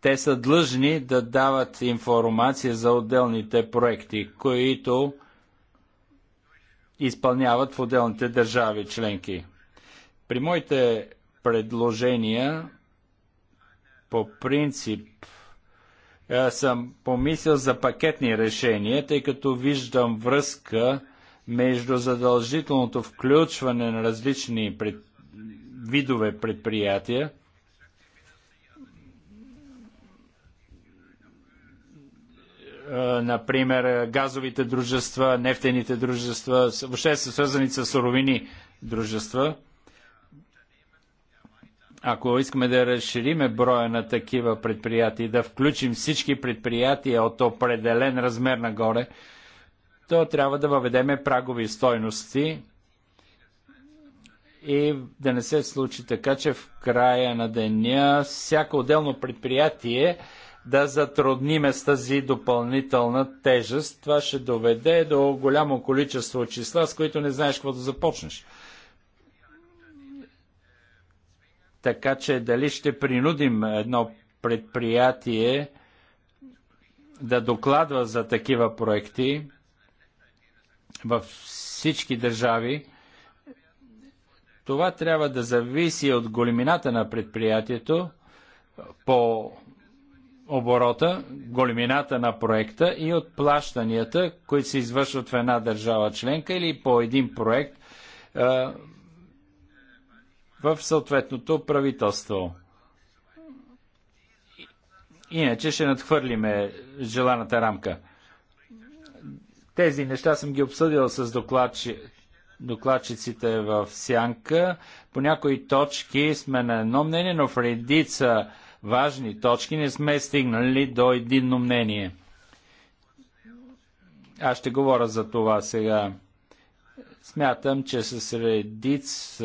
те са длъжни да дават информация за отделните проекти, които изпълняват в отделните държави членки. При моите предложения по принцип е, съм помислил за пакетни решения, тъй като виждам връзка между задължителното включване на различни пред... видове предприятия Е, например, газовите дружества, нефтените дружества, въобще са свързани с суровини дружества. Ако искаме да разшириме броя на такива предприятия и да включим всички предприятия от определен размер нагоре, то трябва да въведеме прагови стойности и да не се случи така, че в края на деня всяко отделно предприятие да затрудниме с тази допълнителна тежест. Това ще доведе до голямо количество числа, с които не знаеш какво да започнеш. Така че дали ще принудим едно предприятие да докладва за такива проекти във всички държави, това трябва да зависи от големината на предприятието по оборота, големината на проекта и от плащанията, които се извършват в една държава членка или по един проект в съответното правителство. Иначе ще надхвърлиме желаната рамка. Тези неща съм ги обсъдил с докладчи, докладчиците в Сянка. По някои точки сме на едно мнение, но в редица важни точки не сме стигнали до единно мнение. Аз ще говоря за това сега. Смятам, че с редиц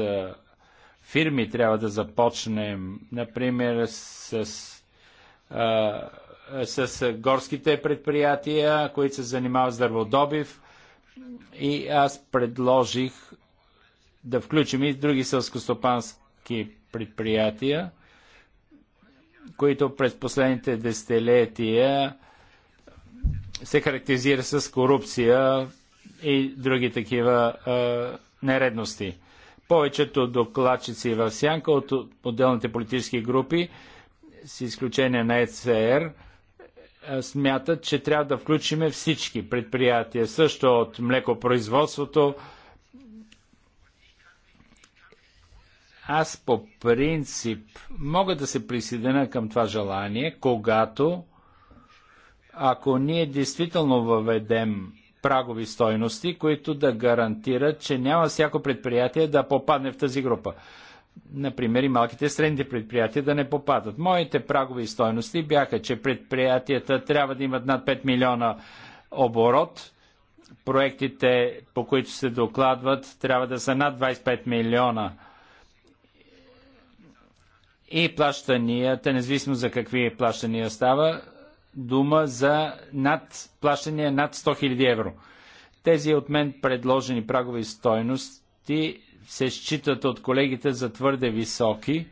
фирми трябва да започнем. Например, с, а, с горските предприятия, които се занимават с дърводобив. И аз предложих да включим и други сълскостопански предприятия които през последните десетилетия се характеризира с корупция и други такива а, нередности. Повечето докладчици в сянка от отделните политически групи, с изключение на ЕЦР, смятат, че трябва да включим всички предприятия, също от млекопроизводството, Аз по принцип мога да се присъединя към това желание, когато ако ние действително въведем прагови стойности, които да гарантират, че няма всяко предприятие да попадне в тази група. Например, и малките средните предприятия да не попадат. Моите прагови стойности бяха, че предприятията трябва да имат над 5 милиона оборот, проектите, по които се докладват, трябва да са над 25 милиона и плащанията, независимо за какви плащания става, дума за над, плащания над 100 000 евро. Тези от мен предложени прагови стойности се считат от колегите за твърде високи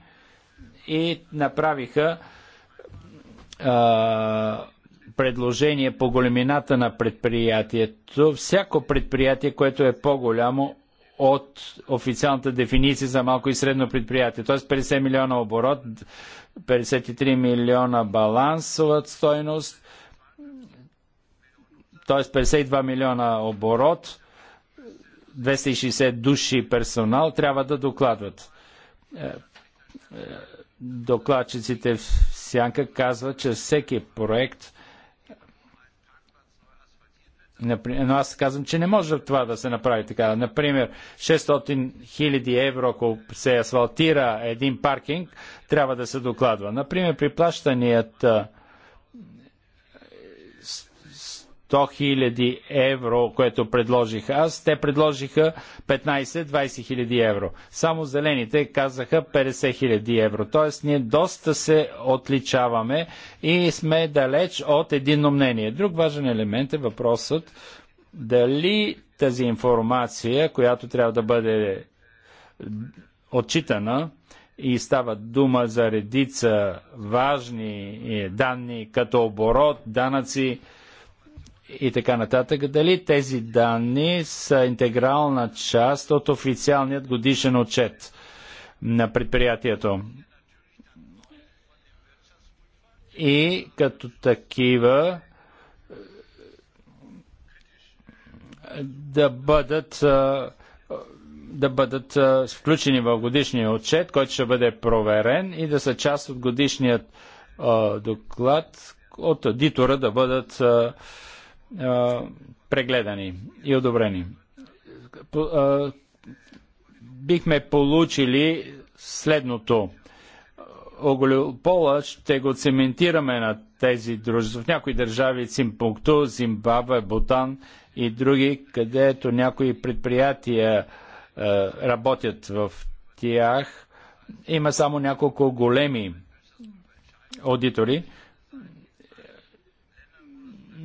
и направиха а, предложение по големината на предприятието. Всяко предприятие, което е по-голямо от официалната дефиниция за малко и средно предприятие. Т.е. 50 милиона оборот, 53 милиона балансова стойност, т.е. 52 милиона оборот, 260 души персонал трябва да докладват. Е, е, докладчиците в Сянка казват, че всеки проект – Например, но аз казвам, че не може това да се направи така. Например, 600 000 евро, ако се асфалтира един паркинг, трябва да се докладва. Например, при плащанията 100 000 евро, което предложих аз, те предложиха 15-20 000 евро. Само зелените казаха 50 000 евро. Тоест ние доста се отличаваме и сме далеч от единно мнение. Друг важен елемент е въпросът дали тази информация, която трябва да бъде отчитана и става дума за редица важни е, данни, като оборот, данъци, и така нататък, дали тези данни са интегрална част от официалният годишен отчет на предприятието. И като такива да бъдат, да бъдат включени в годишния отчет, който ще бъде проверен и да са част от годишният доклад от аудитора да бъдат прегледани и одобрени. Бихме получили следното. Оголиопола ще го цементираме на тези дружества. В някои държави Цимпункту, Зимбабве, Бутан и други, където някои предприятия работят в тях, има само няколко големи аудитори,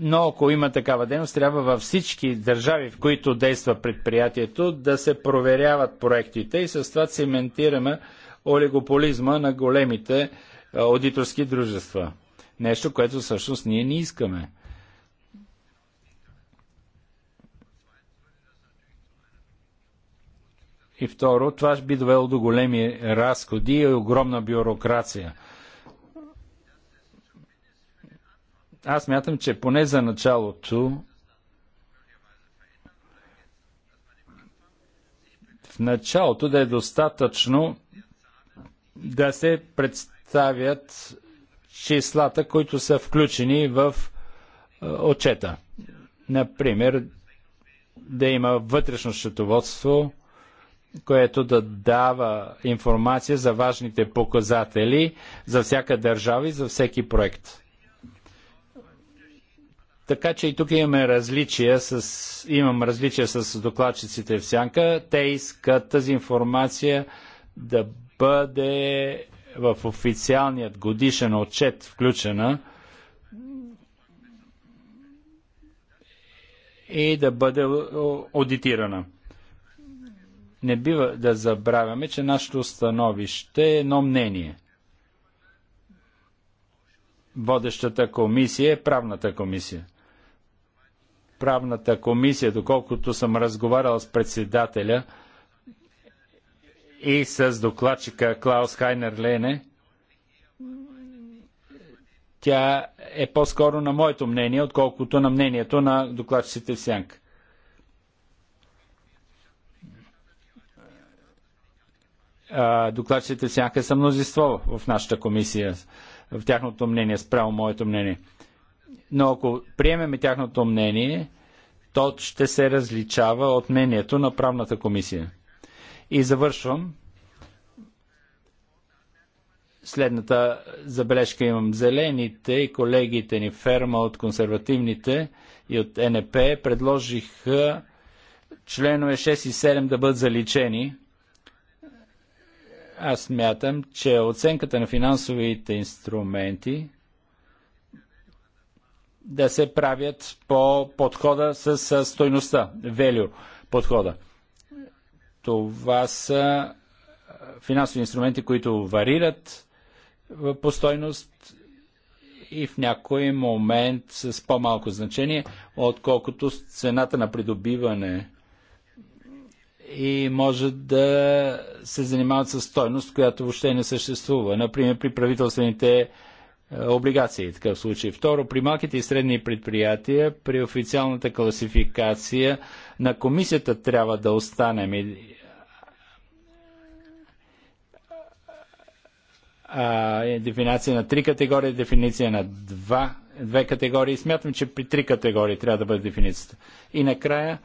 но ако има такава дейност, трябва във всички държави, в които действа предприятието, да се проверяват проектите и с това цементираме олигополизма на големите е, аудиторски дружества. Нещо, което всъщност ние не искаме. И второ, това би довело до големи разходи и огромна бюрокрация – Аз мятам, че поне за началото в началото да е достатъчно да се представят числата, които са включени в е, отчета. Например, да има вътрешно счетоводство, което да дава информация за важните показатели за всяка държава и за всеки проект. Така че и тук имаме различия с, имам различия с докладчиците в Сянка. Те искат тази информация да бъде в официалният годишен отчет включена и да бъде аудитирана. Не бива да забравяме, че нашето становище е едно мнение. Водещата комисия е правната комисия правната комисия, доколкото съм разговарял с председателя и с докладчика Клаус Хайнер Лене, тя е по-скоро на моето мнение, отколкото на мнението на докладчиците в Сянка. Докладчиците в Сянка са мнозинство в нашата комисия, в тяхното мнение, спрямо моето мнение – но ако приемеме тяхното мнение, то ще се различава от мнението на правната комисия. И завършвам. Следната забележка имам. Зелените и колегите ни ферма от консервативните и от НП предложиха членове 6 и 7 да бъдат заличени. Аз мятам, че оценката на финансовите инструменти да се правят по подхода с, стойността, value подхода. Това са финансови инструменти, които варират по стойност и в някой момент с по-малко значение, отколкото цената на придобиване и може да се занимават с стойност, която въобще не съществува. Например, при правителствените е, облигации. В такъв случай. Второ, при малките и средни предприятия, при официалната класификация на комисията трябва да останем. А, дефиниция на три категории, дефиниция на два, две категории. Смятам, че при три категории трябва да бъде дефиницията. И накрая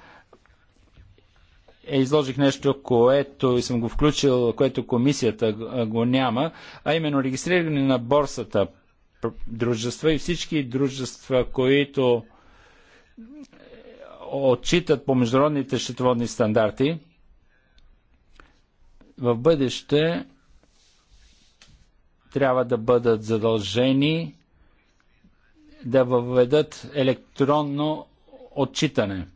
е, изложих нещо, което и съм го включил, което комисията го няма, а именно регистриране на борсата дружества и всички дружества, които е, отчитат по международните счетоводни стандарти, в бъдеще трябва да бъдат задължени да въведат електронно отчитане.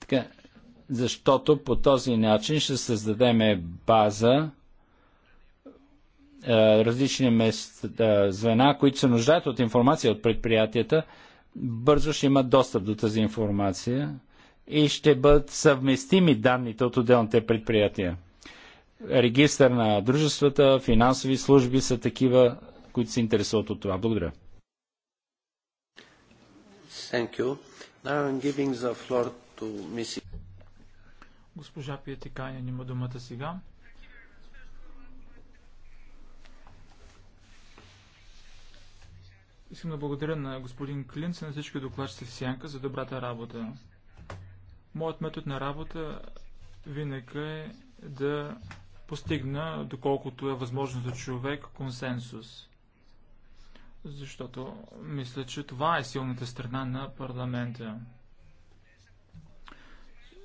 Така, защото по този начин ще създадем база е, различни места, е, звена, които се нуждаят от информация от предприятията, бързо ще имат достъп до тази информация и ще бъдат съвместими данните от отделните предприятия. Регистър на дружествата, финансови служби са такива, които се интересуват от това. Благодаря. Thank you. Now I'm giving the floor to Госпожа Пиетикайнен има думата сега. Искам да благодаря на господин Клинц и на всички докладчици в Сянка за добрата работа. Моят метод на работа винаги е да постигна, доколкото е възможно за човек, консенсус. Защото мисля, че това е силната страна на парламента.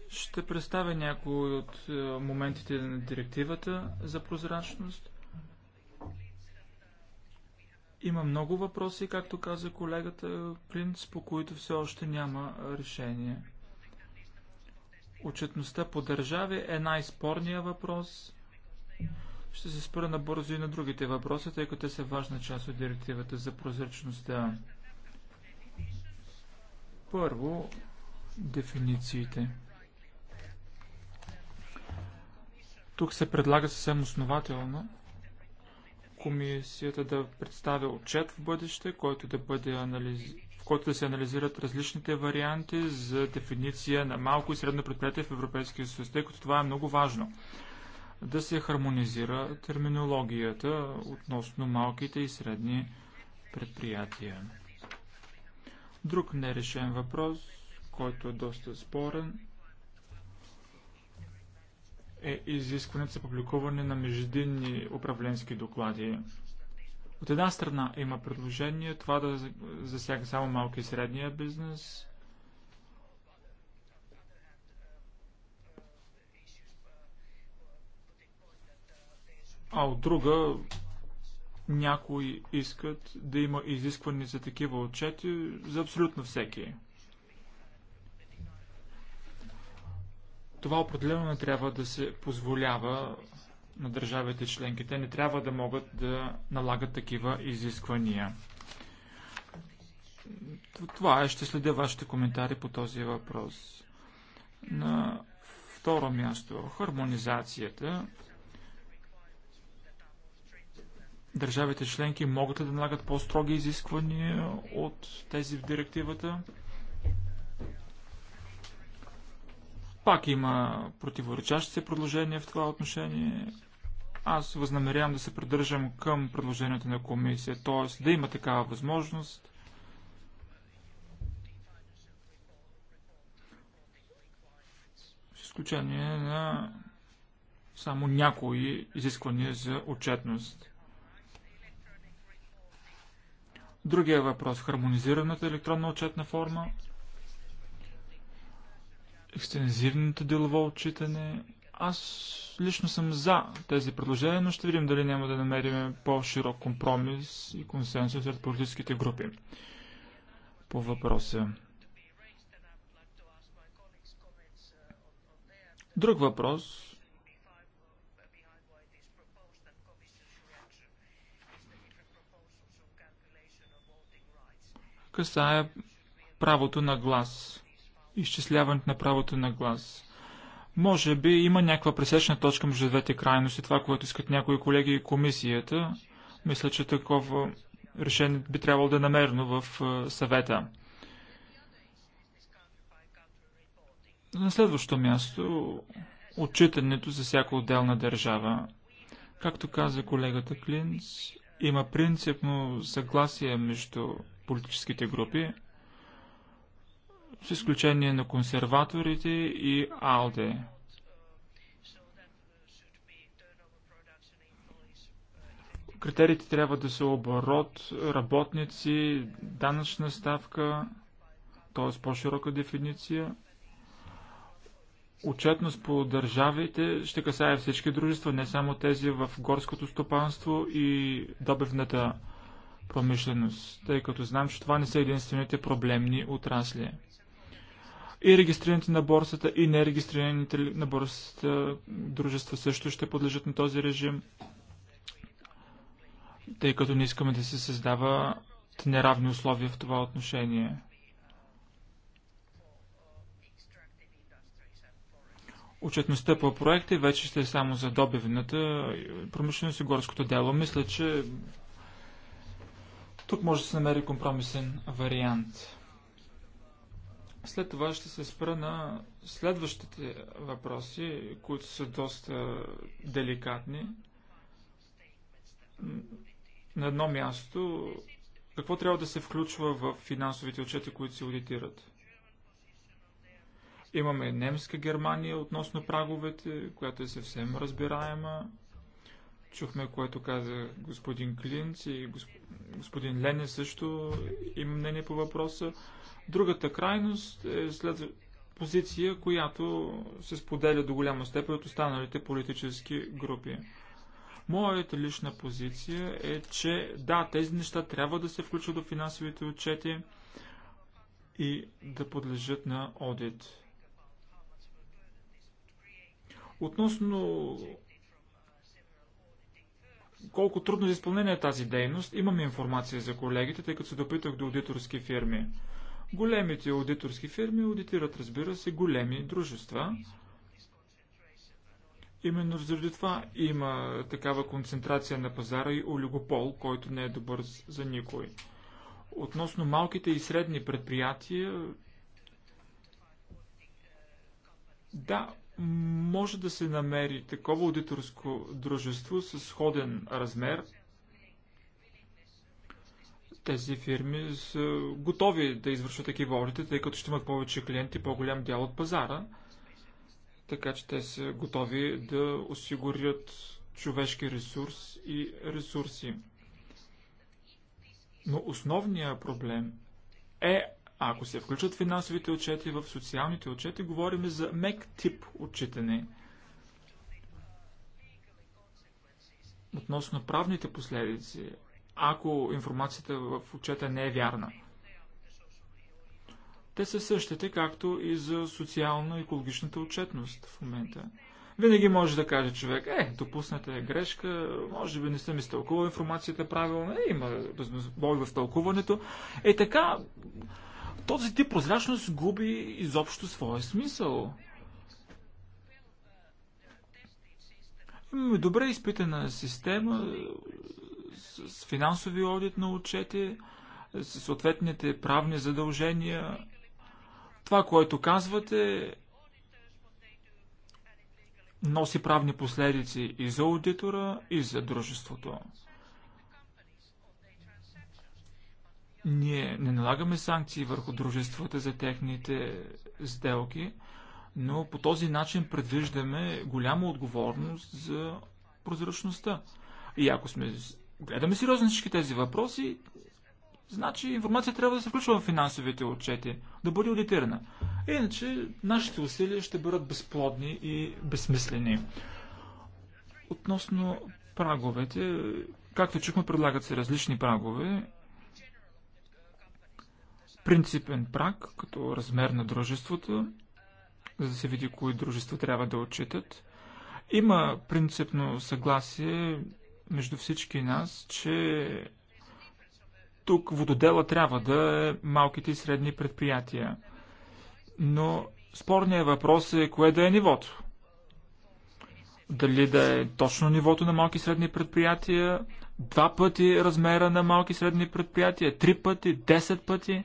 Ще представя някои от е, моментите на директивата за прозрачност – има много въпроси, както каза колегата Клинц, по които все още няма решение. Отчетността по държави е най-спорния въпрос. Ще се спра набързо и на другите въпроси, тъй като те са важна част от директивата за прозрачността. Първо, дефинициите. Тук се предлага съвсем основателно комисията да представя отчет в бъдеще, който да бъде анализ... в който да се анализират различните варианти за дефиниция на малко и средно предприятие в Европейския съюз, тъй като това е много важно. Да се хармонизира терминологията относно малките и средни предприятия. Друг нерешен въпрос, който е доста спорен, е изискването за публикуване на междинни управленски доклади. От една страна има предложение това да засяга само малки и средния бизнес. А от друга някои искат да има изискване за такива отчети за абсолютно всеки. Това определено не трябва да се позволява на държавите членки. Те не трябва да могат да налагат такива изисквания. Това е, ще следя вашите коментари по този въпрос. На второ място, хармонизацията. Държавите членки могат ли да налагат по-строги изисквания от тези в директивата? Пак има противоречащи се предложения в това отношение. Аз възнамерявам да се придържам към предложението на комисия, т.е. да има такава възможност. С изключение на само някои изисквания за отчетност. Другия въпрос – хармонизираната електронна отчетна форма – екстензивното делово отчитане. Аз лично съм за тези предложения, но ще видим дали няма да намерим по-широк компромис и консенсус сред политическите групи по въпроса. Друг въпрос, касае правото на глас изчисляването на правото на глас. Може би има някаква пресечна точка между двете крайности, това, което искат някои колеги и комисията. Мисля, че такова решение би трябвало да е намерено в е, съвета. На следващо място, отчитането за всяка отделна държава. Както каза колегата Клинц, има принципно съгласие между политическите групи с изключение на консерваторите и АЛДЕ. Критериите трябва да са оборот, работници, данъчна ставка, т.е. по-широка дефиниция. Отчетност по държавите ще касае всички дружества, не само тези в горското стопанство и добивната промишленост, тъй като знам, че това не са единствените проблемни отрасли. И регистрираните на борсата и нерегистрираните на борсата дружества също ще подлежат на този режим, тъй като не искаме да се създава неравни условия в това отношение. Отчетността по проекти вече ще е само за добивната промишленост и горското дело. Мисля, че тук може да се намери компромисен вариант. След това ще се спра на следващите въпроси, които са доста деликатни. На едно място, какво трябва да се включва в финансовите отчети, които се аудитират? Имаме немска Германия относно праговете, която е съвсем разбираема. Чухме, което каза господин Клинц и господин Лене също има мнение по въпроса. Другата крайност е след позиция, която се споделя до голяма степен от останалите политически групи. Моята лична позиция е, че да, тези неща трябва да се включат до финансовите отчети и да подлежат на одит. Относно колко трудно за изпълнение е тази дейност, имаме информация за колегите, тъй като се допитах до аудиторски фирми. Големите аудиторски фирми аудитират, разбира се, големи дружества. Именно заради това има такава концентрация на пазара и олигопол, който не е добър за никой. Относно малките и средни предприятия, да, може да се намери такова аудиторско дружество с сходен размер, тези фирми са готови да извършват такива одити, тъй като ще имат повече клиенти, по-голям дял от пазара, така че те са готови да осигурят човешки ресурс и ресурси. Но основният проблем е, ако се включат финансовите отчети в социалните отчети, говорим за мек тип отчитане. Относно правните последици, ако информацията в отчета не е вярна. Те са същите, както и за социално-екологичната отчетност в момента. Винаги може да каже човек, е, допусната е грешка, може би не съм изтълкувал информацията правилно, е, има бой в тълкуването. Е така, този тип прозрачност губи изобщо своя смисъл. Имаме добре изпитана система, с финансови одит на отчете, с съответните правни задължения. Това, което казвате, носи правни последици и за аудитора, и за дружеството. Ние не налагаме санкции върху дружествата за техните сделки, но по този начин предвиждаме голяма отговорност за прозрачността. И ако сме гледаме сериозно всички тези въпроси, значи информация трябва да се включва в финансовите отчети, да бъде аудитирана. Иначе нашите усилия ще бъдат безплодни и безсмислени. Относно праговете, както чухме, предлагат се различни прагове. Принципен праг, като размер на дружеството, за да се види кои дружества трябва да отчитат. Има принципно съгласие между всички нас, че тук вододела трябва да е малките и средни предприятия. Но спорният въпрос е кое да е нивото. Дали да е точно нивото на малки и средни предприятия, два пъти размера на малки и средни предприятия, три пъти, десет пъти,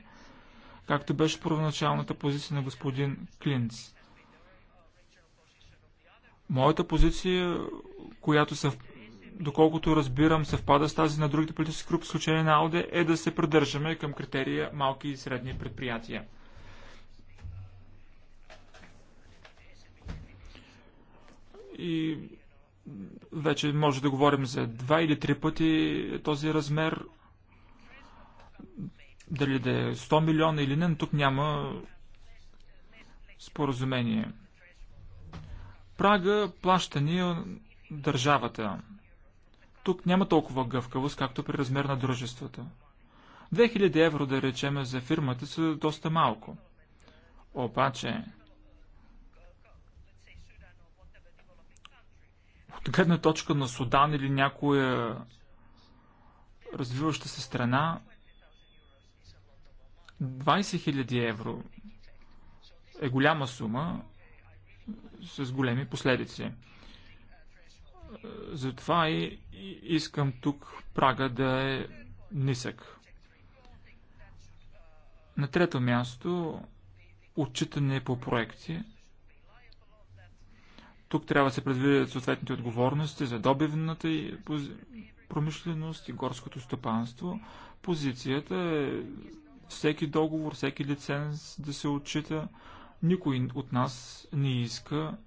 както беше първоначалната позиция на господин Клинц. Моята позиция, която съв доколкото разбирам, съвпада с тази на другите политически групи, в изключение на Ауде е да се придържаме към критерия малки и средни предприятия. И вече може да говорим за два или три пъти този размер, дали да е 100 милиона или не, но тук няма споразумение. Прага плащания държавата. Тук няма толкова гъвкавост, както при размер на дружествата. 2000 евро, да речем, за фирмата са доста малко. Обаче, от гледна точка на Судан или някоя развиваща се страна, 20 000 евро е голяма сума с големи последици. Затова и искам тук прага да е нисък. На трето място, отчитане по проекти. Тук трябва да се предвидят съответните отговорности за добивната и промишленост и горското стопанство. Позицията е всеки договор, всеки лиценз да се отчита. Никой от нас не иска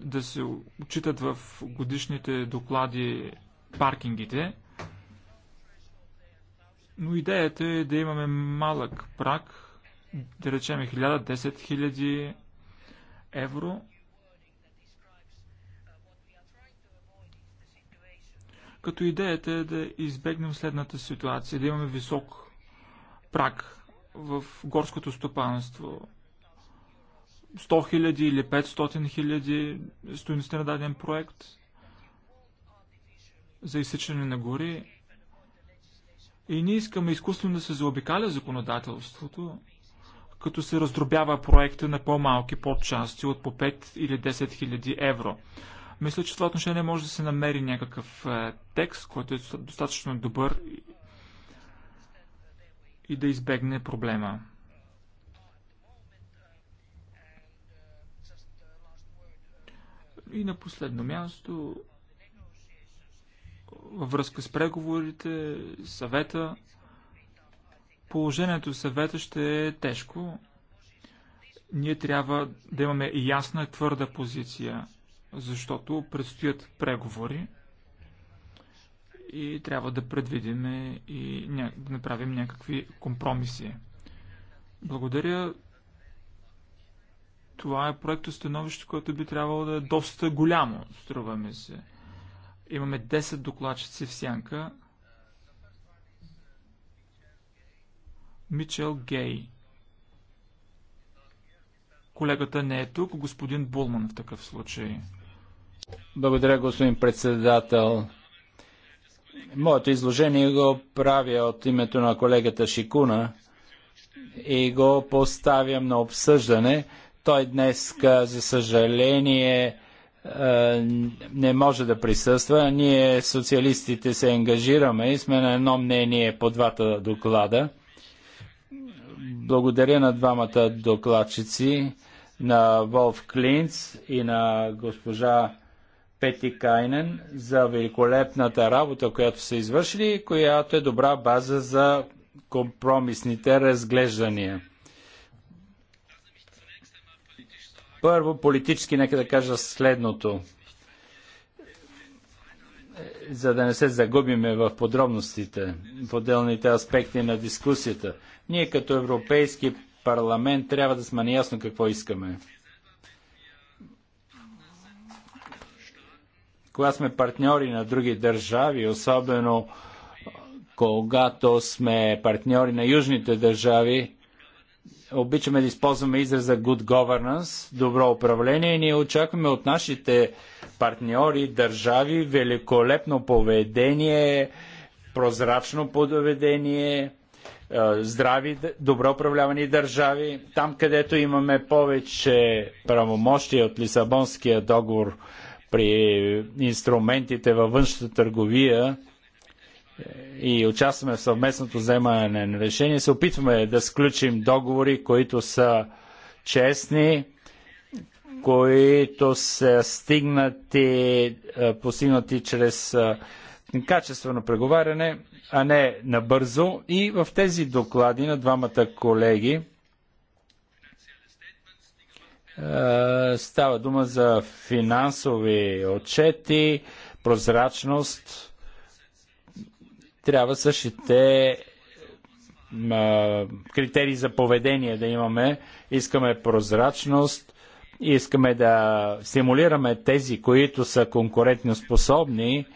да се отчитат в годишните доклади паркингите. Но идеята е да имаме малък прак, да речем 1000, 10 000 евро. Като идеята е да избегнем следната ситуация, да имаме висок прак в горското стопанство. 100 хиляди или 500 хиляди стоиността на даден проект за изсичане на гори. И ние искаме изкуствено да се заобикаля законодателството, като се раздробява проекта на по-малки подчасти от по 5 или 10 хиляди евро. Мисля, че в това отношение може да се намери някакъв е, текст, който е достатъчно добър и да избегне проблема. И на последно място, във връзка с преговорите, съвета, положението в съвета ще е тежко. Ние трябва да имаме ясна и твърда позиция, защото предстоят преговори и трябва да предвидим и да направим някакви компромиси. Благодаря. Това е проекто становище, което би трябвало да е доста голямо, струва ми се. Имаме 10 докладчици в сянка. Мичел Гей. Колегата не е тук, господин Булман в такъв случай. Благодаря, господин председател. Моето изложение го правя от името на колегата Шикуна и го поставям на обсъждане той днес, за съжаление, е, не може да присъства. Ние, социалистите, се ангажираме и сме на едно мнение по двата доклада. Благодаря на двамата докладчици, на Волф Клинц и на госпожа Пети Кайнен за великолепната работа, която са извършили, която е добра база за компромисните разглеждания. Първо, политически, нека да кажа следното, за да не се загубиме в подробностите, в отделните аспекти на дискусията. Ние като Европейски парламент трябва да сме наясно какво искаме. Кога сме партньори на други държави, особено когато сме партньори на южните държави, обичаме да използваме израза good governance, добро управление. Ние очакваме от нашите партньори, държави, великолепно поведение, прозрачно поведение, е, здрави, добро управлявани държави. Там, където имаме повече правомощия от Лисабонския договор при инструментите във външната търговия, и участваме в съвместното вземане на решение, се опитваме да сключим договори, които са честни, които са стигнати, постигнати чрез качествено преговаряне, а не набързо. И в тези доклади на двамата колеги става дума за финансови отчети, прозрачност, трябва същите а, критерии за поведение да имаме. Искаме прозрачност, искаме да стимулираме тези, които са конкурентно способни,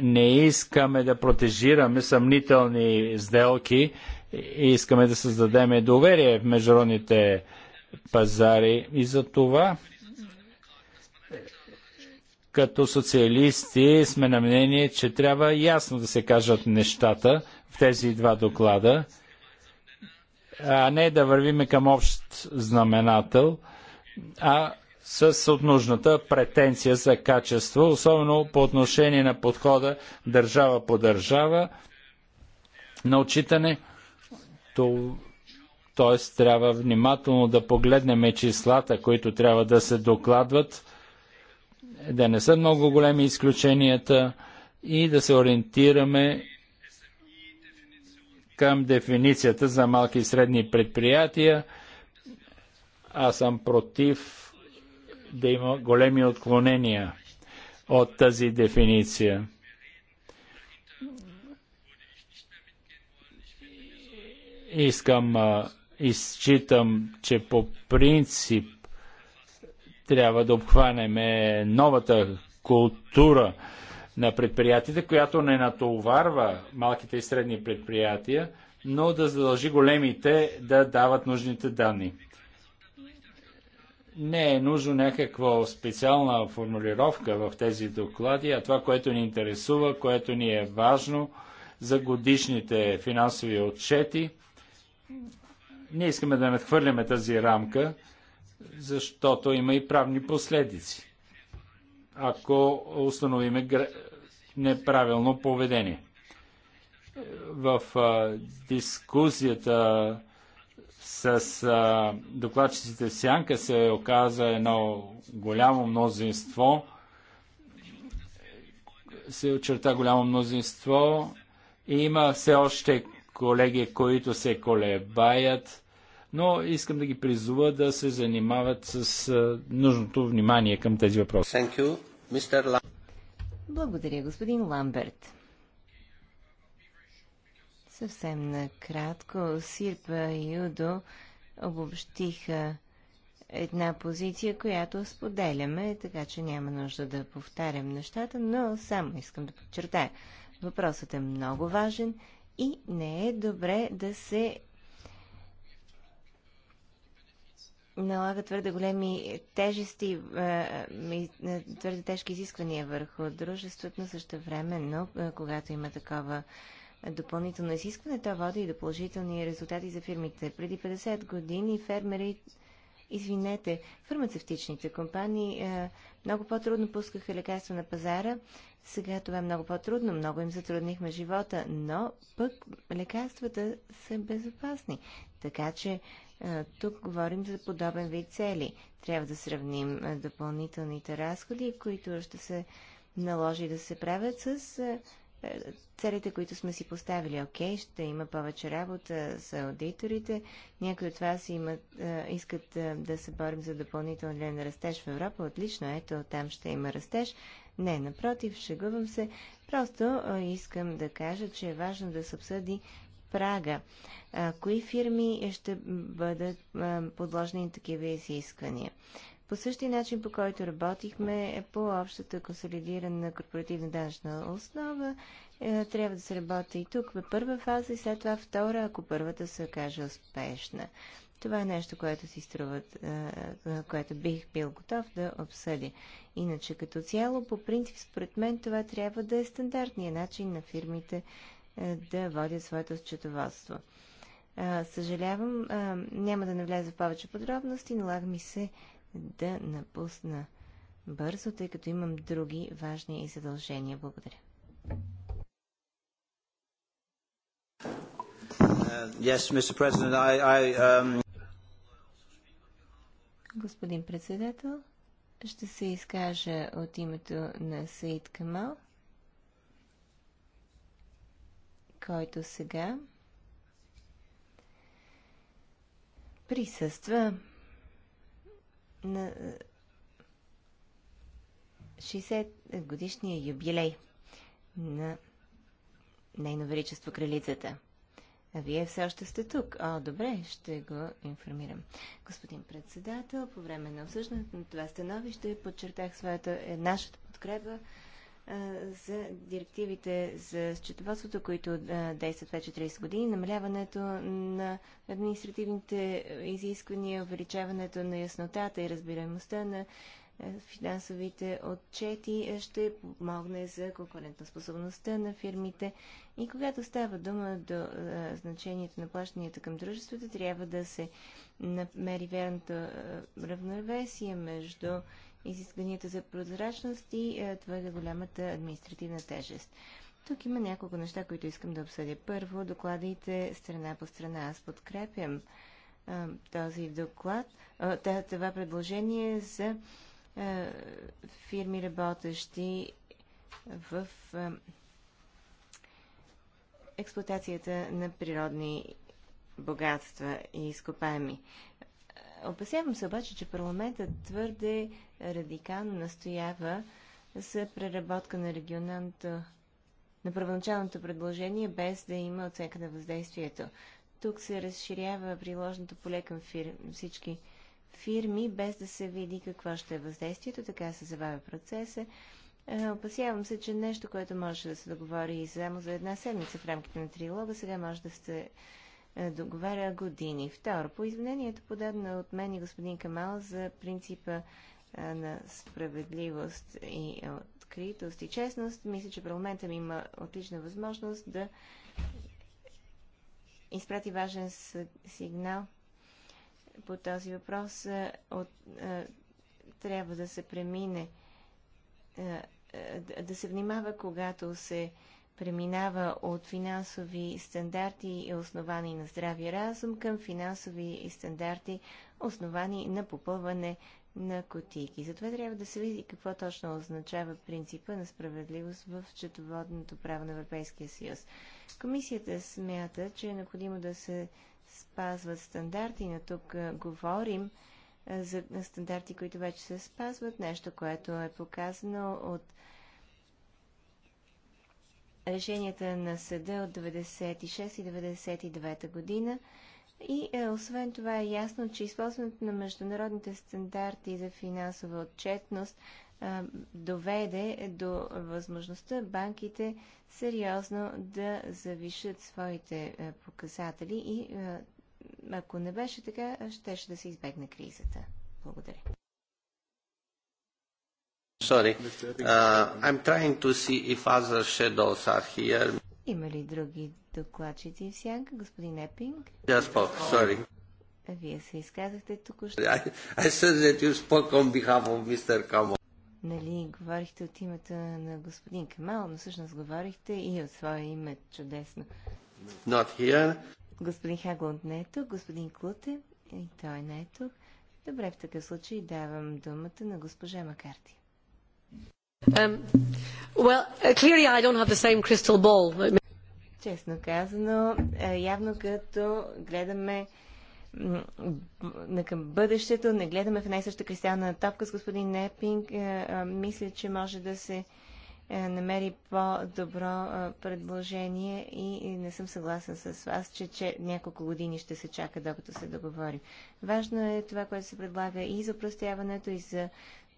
не искаме да протежираме съмнителни сделки и искаме да създадем доверие в международните пазари и за това като социалисти сме на мнение, че трябва ясно да се кажат нещата в тези два доклада, а не да вървиме към общ знаменател, а с нужната претенция за качество, особено по отношение на подхода държава по държава на отчитане. То, т.е. трябва внимателно да погледнем числата, които трябва да се докладват да не са много големи изключенията и да се ориентираме към дефиницията за малки и средни предприятия. Аз съм против да има големи отклонения от тази дефиниция. Искам, изчитам, че по принцип трябва да обхванеме новата култура на предприятията, която не натоварва малките и средни предприятия, но да задължи големите да дават нужните данни. Не е нужно някаква специална формулировка в тези доклади, а това, което ни интересува, което ни е важно за годишните финансови отчети. Ние искаме да надхвърляме тази рамка защото има и правни последици, ако установиме неправилно поведение. В а, дискусията с а, докладчиците в Сянка се оказа едно голямо мнозинство, се очерта голямо мнозинство и има все още колеги, които се колебаят но искам да ги призова да се занимават с нужното внимание към тези въпроси. Благодаря, господин Ламберт. Съвсем накратко, Сирпа и Юдо обобщиха една позиция, която споделяме, така че няма нужда да повтарям нещата, но само искам да подчертая. Въпросът е много важен и не е добре да се налага твърде големи тежести е, и е, твърде тежки изисквания върху дружеството, но също време, но е, когато има такова допълнително изискване, то води и до положителни резултати за фирмите. Преди 50 години фермери, извинете, фармацевтичните компании много по-трудно пускаха лекарства на пазара. Сега това е много по-трудно, много им затруднихме живота, но пък лекарствата са безопасни. Така че е, тук говорим за подобен вид цели. Трябва да сравним е, допълнителните разходи, които ще се наложи да се правят с е, целите, които сме си поставили. Окей, ще има повече работа с аудиторите. Някои от вас имат, искат да се борим за допълнителен растеж в Европа. Отлично, ето там ще има растеж. Не, напротив, шегувам се. Просто искам да кажа, че е важно да се обсъди прага. А, кои фирми ще бъдат а, подложени на такива изисквания? По същия начин, по който работихме по общата консолидирана корпоративна данъчна основа, е, трябва да се работи и тук в първа фаза и след това втора, ако първата се окаже успешна. Това е нещо, което си струват, е, е, което бих бил готов да обсъдя. Иначе като цяло, по принцип, според мен, това трябва да е стандартният начин на фирмите е, да водя своето счетоводство. Съжалявам, няма да навляза в повече подробности, налага ми се да напусна бързо, тъй като имам други важни и задължения. Благодаря. Uh, um, Господин председател, ще се изкажа от името на Саид Камал. който сега присъства на 60 е, годишния юбилей на Нейно Величество Кралицата. А вие все още сте тук. О, добре, ще го информирам. Господин председател, по време на обсъждането на това становище подчертах своята, е, нашата подкрепа за директивите за счетоводството, които действат вече 30 години, намаляването на административните изисквания, увеличаването на яснотата и разбираемостта на финансовите отчети ще помогне за конкурентоспособността на фирмите. И когато става дума до значението на плащанията към дружеството, трябва да се намери вярното равновесие между изискванията за прозрачност и е, твърде голямата административна тежест. Тук има няколко неща, които искам да обсъдя. Първо, докладите страна по страна. Аз подкрепям а, е, този доклад, а, е, това предложение за а, фирми, работещи в а, експлуатацията на природни богатства и изкопаеми. Опасявам се обаче, че парламентът твърде радикално настоява за преработка на регионалното на първоначалното предложение, без да има оценка на въздействието. Тук се разширява приложното поле към фир... всички фирми, без да се види какво ще е въздействието, така се забавя процеса. Е, опасявам се, че нещо, което можеше да се договори и само за една седмица в рамките на трилога, сега може да се е, договаря години. Второ, по изменението подадено от мен и господин Камал за принципа е, на справедливост и откритост и честност, мисля, че парламентът има отлична възможност да изпрати важен сигнал по този въпрос. Е, от, трябва да се премине, да се внимава, когато се преминава от финансови стандарти, основани на здрави разум, към финансови стандарти, основани на попълване на котики. Затова трябва да се види какво точно означава принципа на справедливост в четоводното право на Европейския съюз. Комисията смята, че е необходимо да се спазват стандарти, но тук говорим за стандарти, които вече се спазват, нещо, което е показано от решенията на съда от 96 и 99 година. И е, освен това е ясно, че използването на международните стандарти за финансова отчетност е, доведе до възможността банките сериозно да завишат своите е, показатели и е, ако не беше така, щеше да се избегне кризата. Благодаря. Sorry. Uh, I'm trying to see if other shadows are here. Има ли други докладчици в сянка, господин Епинг? Yes, спок, sorry. Вие се изказахте току-що. I, I said that you spoke on behalf of Mr. Kamal. Нали, говорихте от името на господин Камал, но всъщност говорихте и от своя име. Чудесно. Not here. Господин Хагланд не е тук, господин Клуте и той не е тук. Добре, в такъв случай давам думата на госпожа Макарти. Um, uh, clearly I have the same crystal ball. Честно казано, е, явно като гледаме към бъдещето, не гледаме в най-съща кристална топка с господин Непинг. Е, мисля, че може да се е, намери по-добро предложение и не съм съгласен с вас, че, че няколко години ще се чака, докато се договорим. Важно е това, което се предлага и за простяването, и за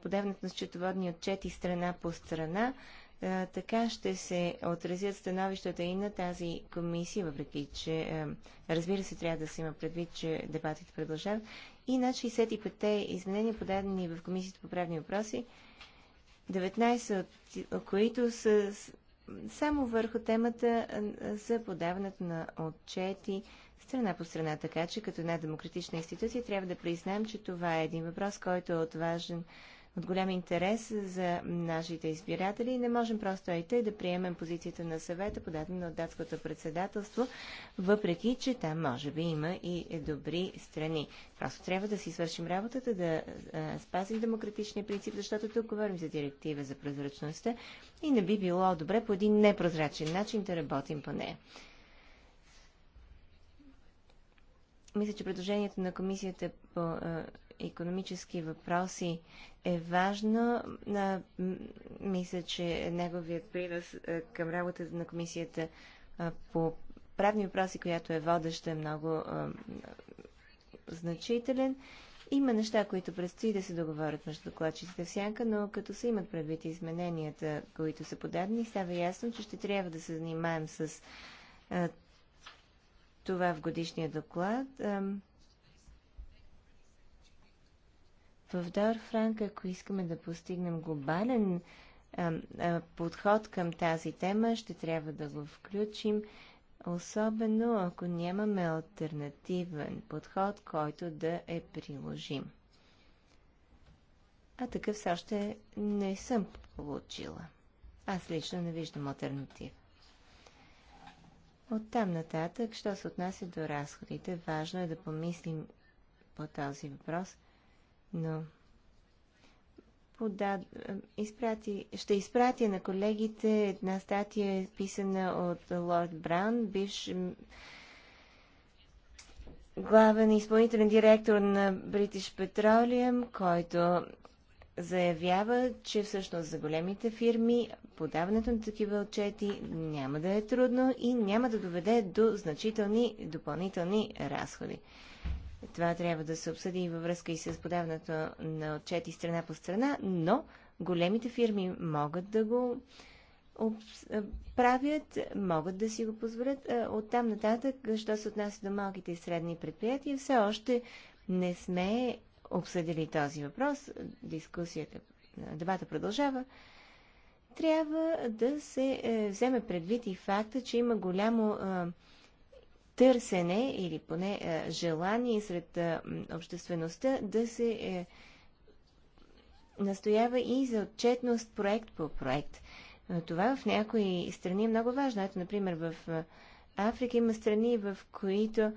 подаването на счетоводни отчети страна по страна. Е, така ще се отразят становищата и на тази комисия, въпреки че, е, разбира се, трябва да се има предвид, че дебатите продължават. И на 65-те изменения, подадени в комисията по правни въпроси, 19 от които са само върху темата е, за подаването на отчети страна по страна. Така че като една демократична институция трябва да признаем, че това е един въпрос, който е отважен от голям интерес за нашите избиратели и не можем просто и тъй да приемем позицията на съвета, подадена от датското председателство, въпреки, че там може би има и добри страни. Просто трябва да си свършим работата, да спазим демократичния принцип, защото тук говорим за директива за прозрачността и не би било добре по един непрозрачен начин да работим по нея. Мисля, че предложението на комисията по економически въпроси е важно. Мисля, че неговият принос към работата на комисията по правни въпроси, която е водеща, е много значителен. Има неща, които предстои да се договорят между докладчиците в сянка, но като се имат предвид измененията, които са подадени, става ясно, че ще трябва да се занимаем с а, това в годишния доклад. А, В Франк, ако искаме да постигнем глобален а, а, подход към тази тема, ще трябва да го включим, особено ако нямаме альтернативен подход, който да е приложим. А такъв все още не съм получила. Аз лично не виждам альтернатива. От там нататък, що се отнася до разходите, важно е да помислим по този въпрос – но подад... изпрати... ще изпратя на колегите една статия, писана от Лорд Браун, бивш главен изпълнителен директор на British Petroleum, който заявява, че всъщност за големите фирми подаването на такива отчети няма да е трудно и няма да доведе до значителни допълнителни разходи. Това трябва да се обсъди и във връзка и с подаването на отчети страна по страна, но големите фирми могат да го правят, могат да си го позволят. От там нататък, що се отнася до малките и средни предприятия, все още не сме обсъдили този въпрос. Дискусията, дебата продължава. Трябва да се е, вземе предвид и факта, че има голямо търсене или поне е, желание сред е, обществеността да се е, настоява и за отчетност проект по проект. Това в някои страни е много важно. Ето, например, в Африка има страни, в които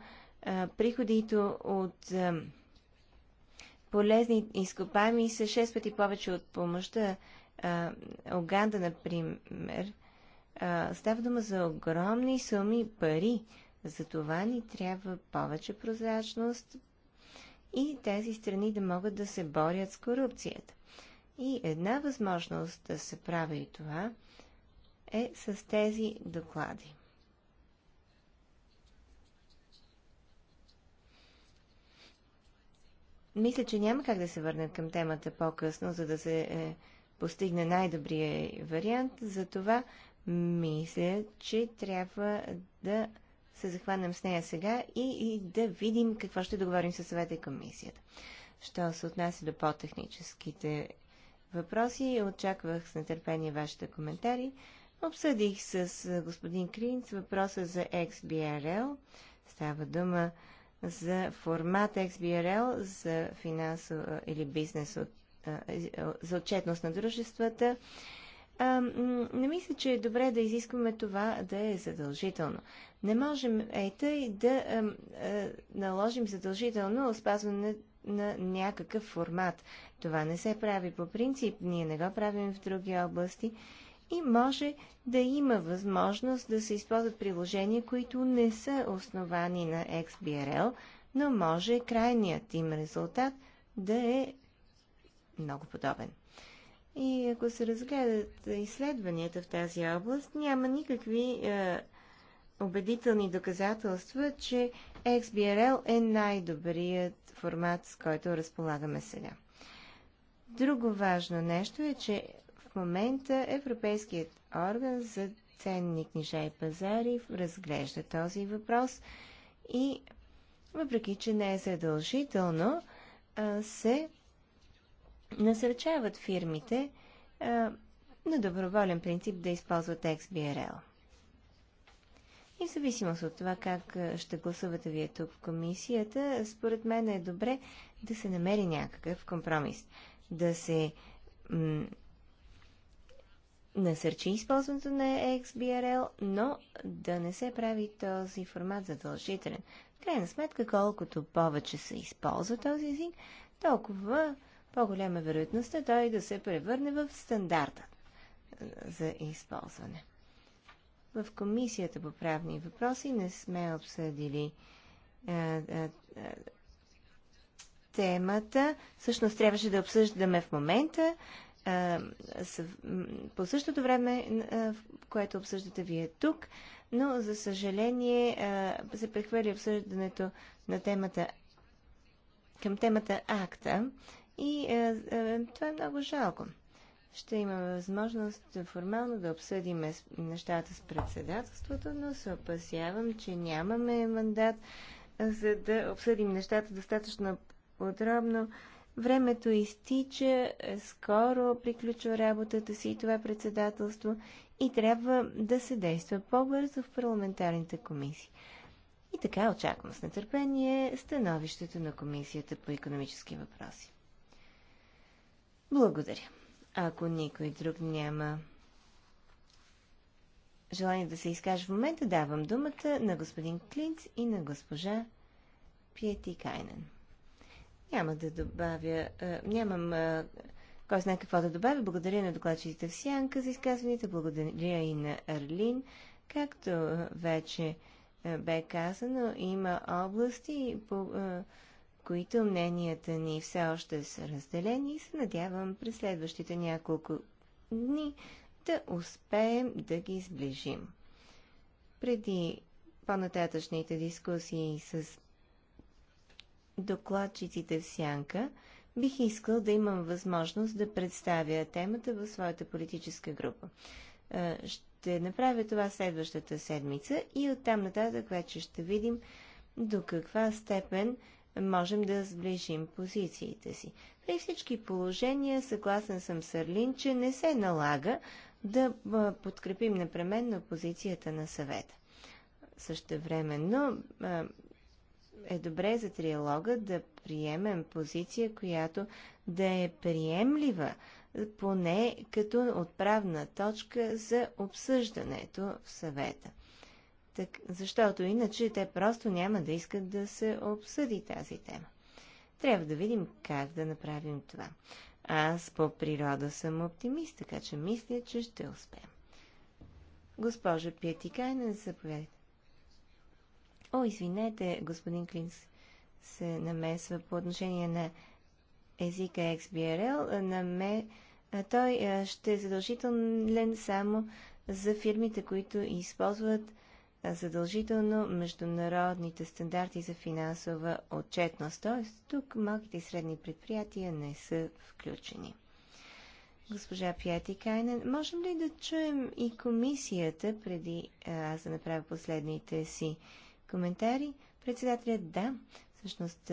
приходите от полезни изкопами са 6 пъти повече от помощта. Оганда, например, става дума за огромни суми пари, за това ни трябва повече прозрачност и тези страни да могат да се борят с корупцията. И една възможност да се прави и това е с тези доклади. Мисля, че няма как да се върна към темата по-късно, за да се е, постигне най-добрия вариант. Затова мисля, че трябва да се захванем с нея сега и, и да видим какво ще договорим със съвета и комисията. Що се отнася до по-техническите въпроси, очаквах с нетърпение вашите коментари. Обсъдих с господин Кринц въпроса за XBRL. Става дума за формат XBRL за финансово или бизнес от, за отчетност на дружествата а, не мисля, че е добре да изискваме това да е задължително. Не можем ей тъй да а, а, наложим задължително спазване на някакъв формат. Това не се прави по принцип, ние не го правим в други области и може да има възможност да се използват приложения, които не са основани на XBRL, но може крайният им резултат да е много подобен. И ако се разгледат изследванията в тази област, няма никакви е, убедителни доказателства, че XBRL е най-добрият формат, с който разполагаме сега. Друго важно нещо е, че в момента Европейският орган за ценни книжа и пазари разглежда този въпрос и, въпреки че не е задължително, се насърчават фирмите а, на доброволен принцип да използват XBRL. И в зависимост от това как ще гласувате вие тук в комисията, според мен е добре да се намери някакъв компромис. Да се насърчи използването на XBRL, но да не се прави този формат задължителен. В крайна сметка, колкото повече се използва този език, толкова по-голяма вероятността той да се превърне в стандарта за използване. В Комисията по правни въпроси не сме обсъдили а, а, а, темата. Всъщност трябваше да обсъждаме в момента по същото време, в което обсъждате вие тук, но за съжаление се прехвърли обсъждането на темата към темата акта и е, е, това е много жалко. Ще имаме възможност формално да обсъдим нещата с председателството, но се опасявам, че нямаме мандат е, за да обсъдим нещата достатъчно подробно. Времето изтича, е, скоро приключва работата си и това председателство и трябва да се действа по-бързо в парламентарните комисии. И така очаквам с нетърпение становището на Комисията по економически въпроси. Благодаря. Ако никой друг няма желание да се изкаже в момента, давам думата на господин Клинц и на госпожа Пиети Кайнен. Няма да добавя, а, нямам а, кой знае какво да добавя. Благодаря на докладчиците в Сянка за изказванията, благодаря и на Арлин. Както вече а, бе казано, има области, по, а, които мненията ни все още са разделени и се надявам през следващите няколко дни да успеем да ги сближим. Преди по-нататъчните дискусии с докладчиците в Сянка, бих искал да имам възможност да представя темата в своята политическа група. Е, ще направя това следващата седмица и оттам нататък вече ще видим до каква степен можем да сближим позициите си. При всички положения, съгласен съм с Арлин, че не се налага да подкрепим непременно позицията на съвета. но е добре за триалога да приемем позиция, която да е приемлива, поне като отправна точка за обсъждането в съвета так, защото иначе те просто няма да искат да се обсъди тази тема. Трябва да видим как да направим това. Аз по природа съм оптимист, така че мисля, че ще успеем. Госпожа Пиетикайна, заповядайте. О, извинете, господин Клинс се намесва по отношение на езика XBRL. ме... Той ще е задължителен само за фирмите, които използват задължително международните стандарти за финансова отчетност. Т.е. тук малките и средни предприятия не са включени. Госпожа Пяти Кайнен, можем ли да чуем и комисията преди аз да направя последните си коментари? Председателят да. Всъщност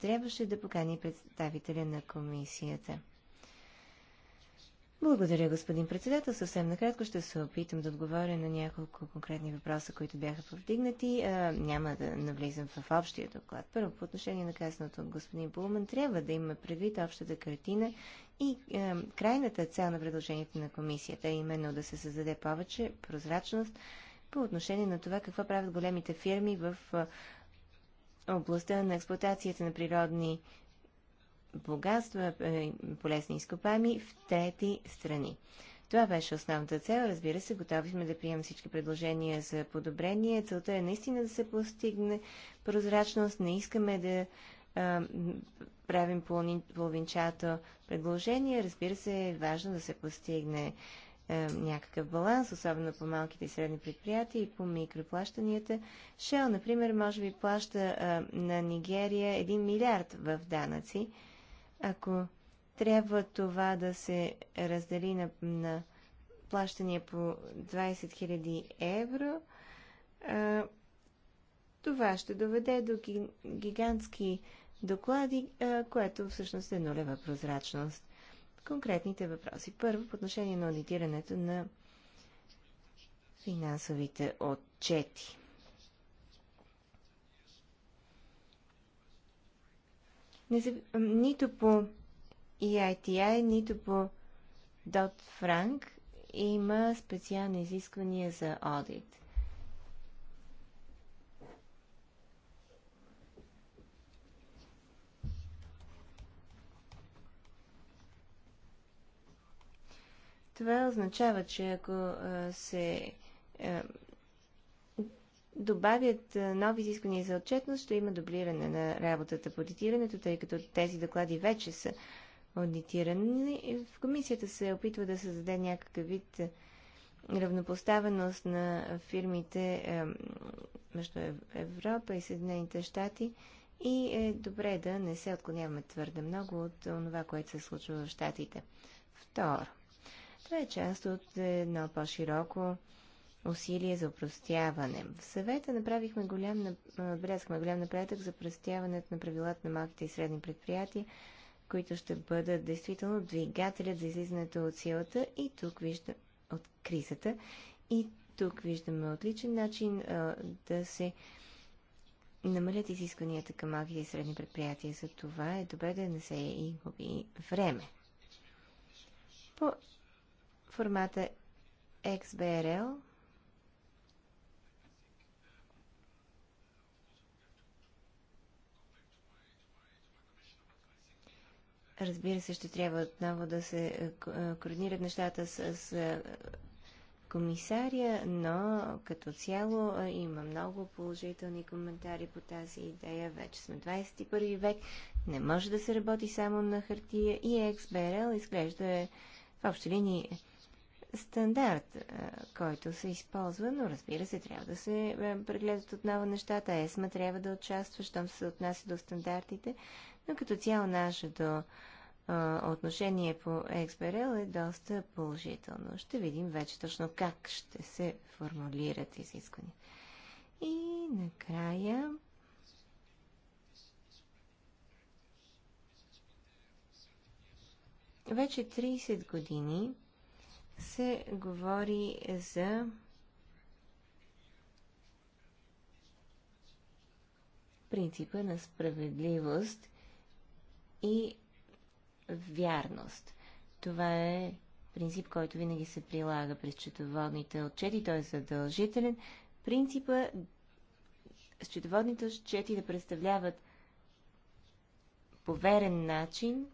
трябваше да покани представителя на комисията. Благодаря, господин председател. Съвсем накратко ще се опитам да отговоря на няколко конкретни въпроса, които бяха повдигнати. А, няма да навлизам в общия доклад. Първо, по отношение на казаното от господин Булман, трябва да има предвид общата картина и а, крайната цел на предложението на комисията, е именно да се създаде повече прозрачност по отношение на това какво правят големите фирми в а, областта на експлуатацията на природни богатства, е, полезни изкопами в трети страни. Това беше основната цел. Разбира се, готови сме да приемем всички предложения за подобрение. Целта е наистина да се постигне прозрачност. Не искаме да а, правим половинчато предложение. Разбира се, е важно да се постигне а, някакъв баланс, особено по малките и средни предприятия и по микроплащанията. Шел, например, може би плаща а, на Нигерия 1 милиард в данъци. Ако трябва това да се раздели на, на плащания по 20 000 евро, а, това ще доведе до гигантски доклади, а, което всъщност е нулева прозрачност. Конкретните въпроси. Първо, по отношение на аудитирането на финансовите отчети. нито по EITI, нито по Dot Франк има специални изисквания за аудит. Това означава, че ако се добавят нови изисквания за отчетност, ще има дублиране на работата по аудитирането, тъй като тези доклади вече са аудитирани. В комисията се опитва да създаде някакъв вид равнопоставеност на фирмите между Европа и Съединените щати и е добре да не се отклоняваме твърде много от това, което се случва в щатите. Второ, това е част от едно по-широко усилия за опростяване. В съвета направихме голям, отбелязахме голям напредък за простяването на правилата на малките и средни предприятия, които ще бъдат действително двигателят за излизането от силата и тук вижда от кризата. И тук виждаме отличен начин а, да се намалят изискванията към малките и средни предприятия. За това е добре да не се и губи време. По формата XBRL Разбира се, ще трябва отново да се е, е, координират нещата с е, комисария, но като цяло има много положителни коментари по тази идея. Вече сме 21 век, не може да се работи само на хартия и XBRL изглежда е в общи линии стандарт, който се използва, но разбира се, трябва да се прегледат отново нещата. ЕСМА трябва да участва, щом се отнася до стандартите но като цяло нашето а, отношение по XBRL е доста положително. Ще видим вече точно как ще се формулират изисквания. И накрая... Вече 30 години се говори за принципа на справедливост и вярност. Това е принцип, който винаги се прилага през четоводните отчети. Той е задължителен. Принципа счетоводните отчети да представляват поверен начин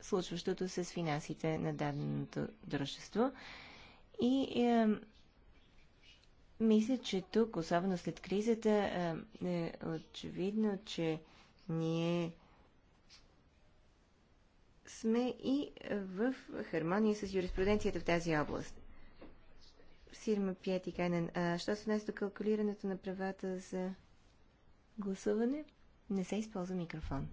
случващото се с финансите на даденото дружество. И е, мисля, че тук, особено след кризата, е, е очевидно, че ние сме и в хармония с юриспруденцията в тази област. Сирма Пиети Кайнен, а що се отнесе до калкулирането на правата за гласуване? Не се използва микрофон.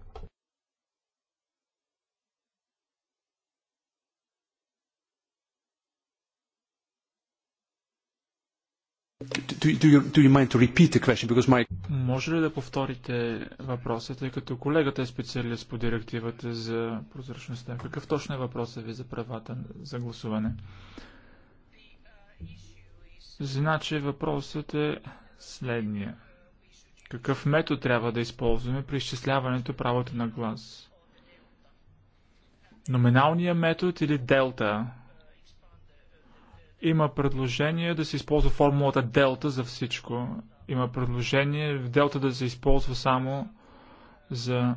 Може ли да повторите въпроса, тъй като колегата е специалист по директивата за прозрачността? Какъв точно е въпросът ви за правата за гласуване? Значи въпросът е следния. Какъв метод трябва да използваме при изчисляването правото на глас? Номиналния метод или делта? Има предложение да се използва формулата Делта за всичко. Има предложение в Делта да се използва само за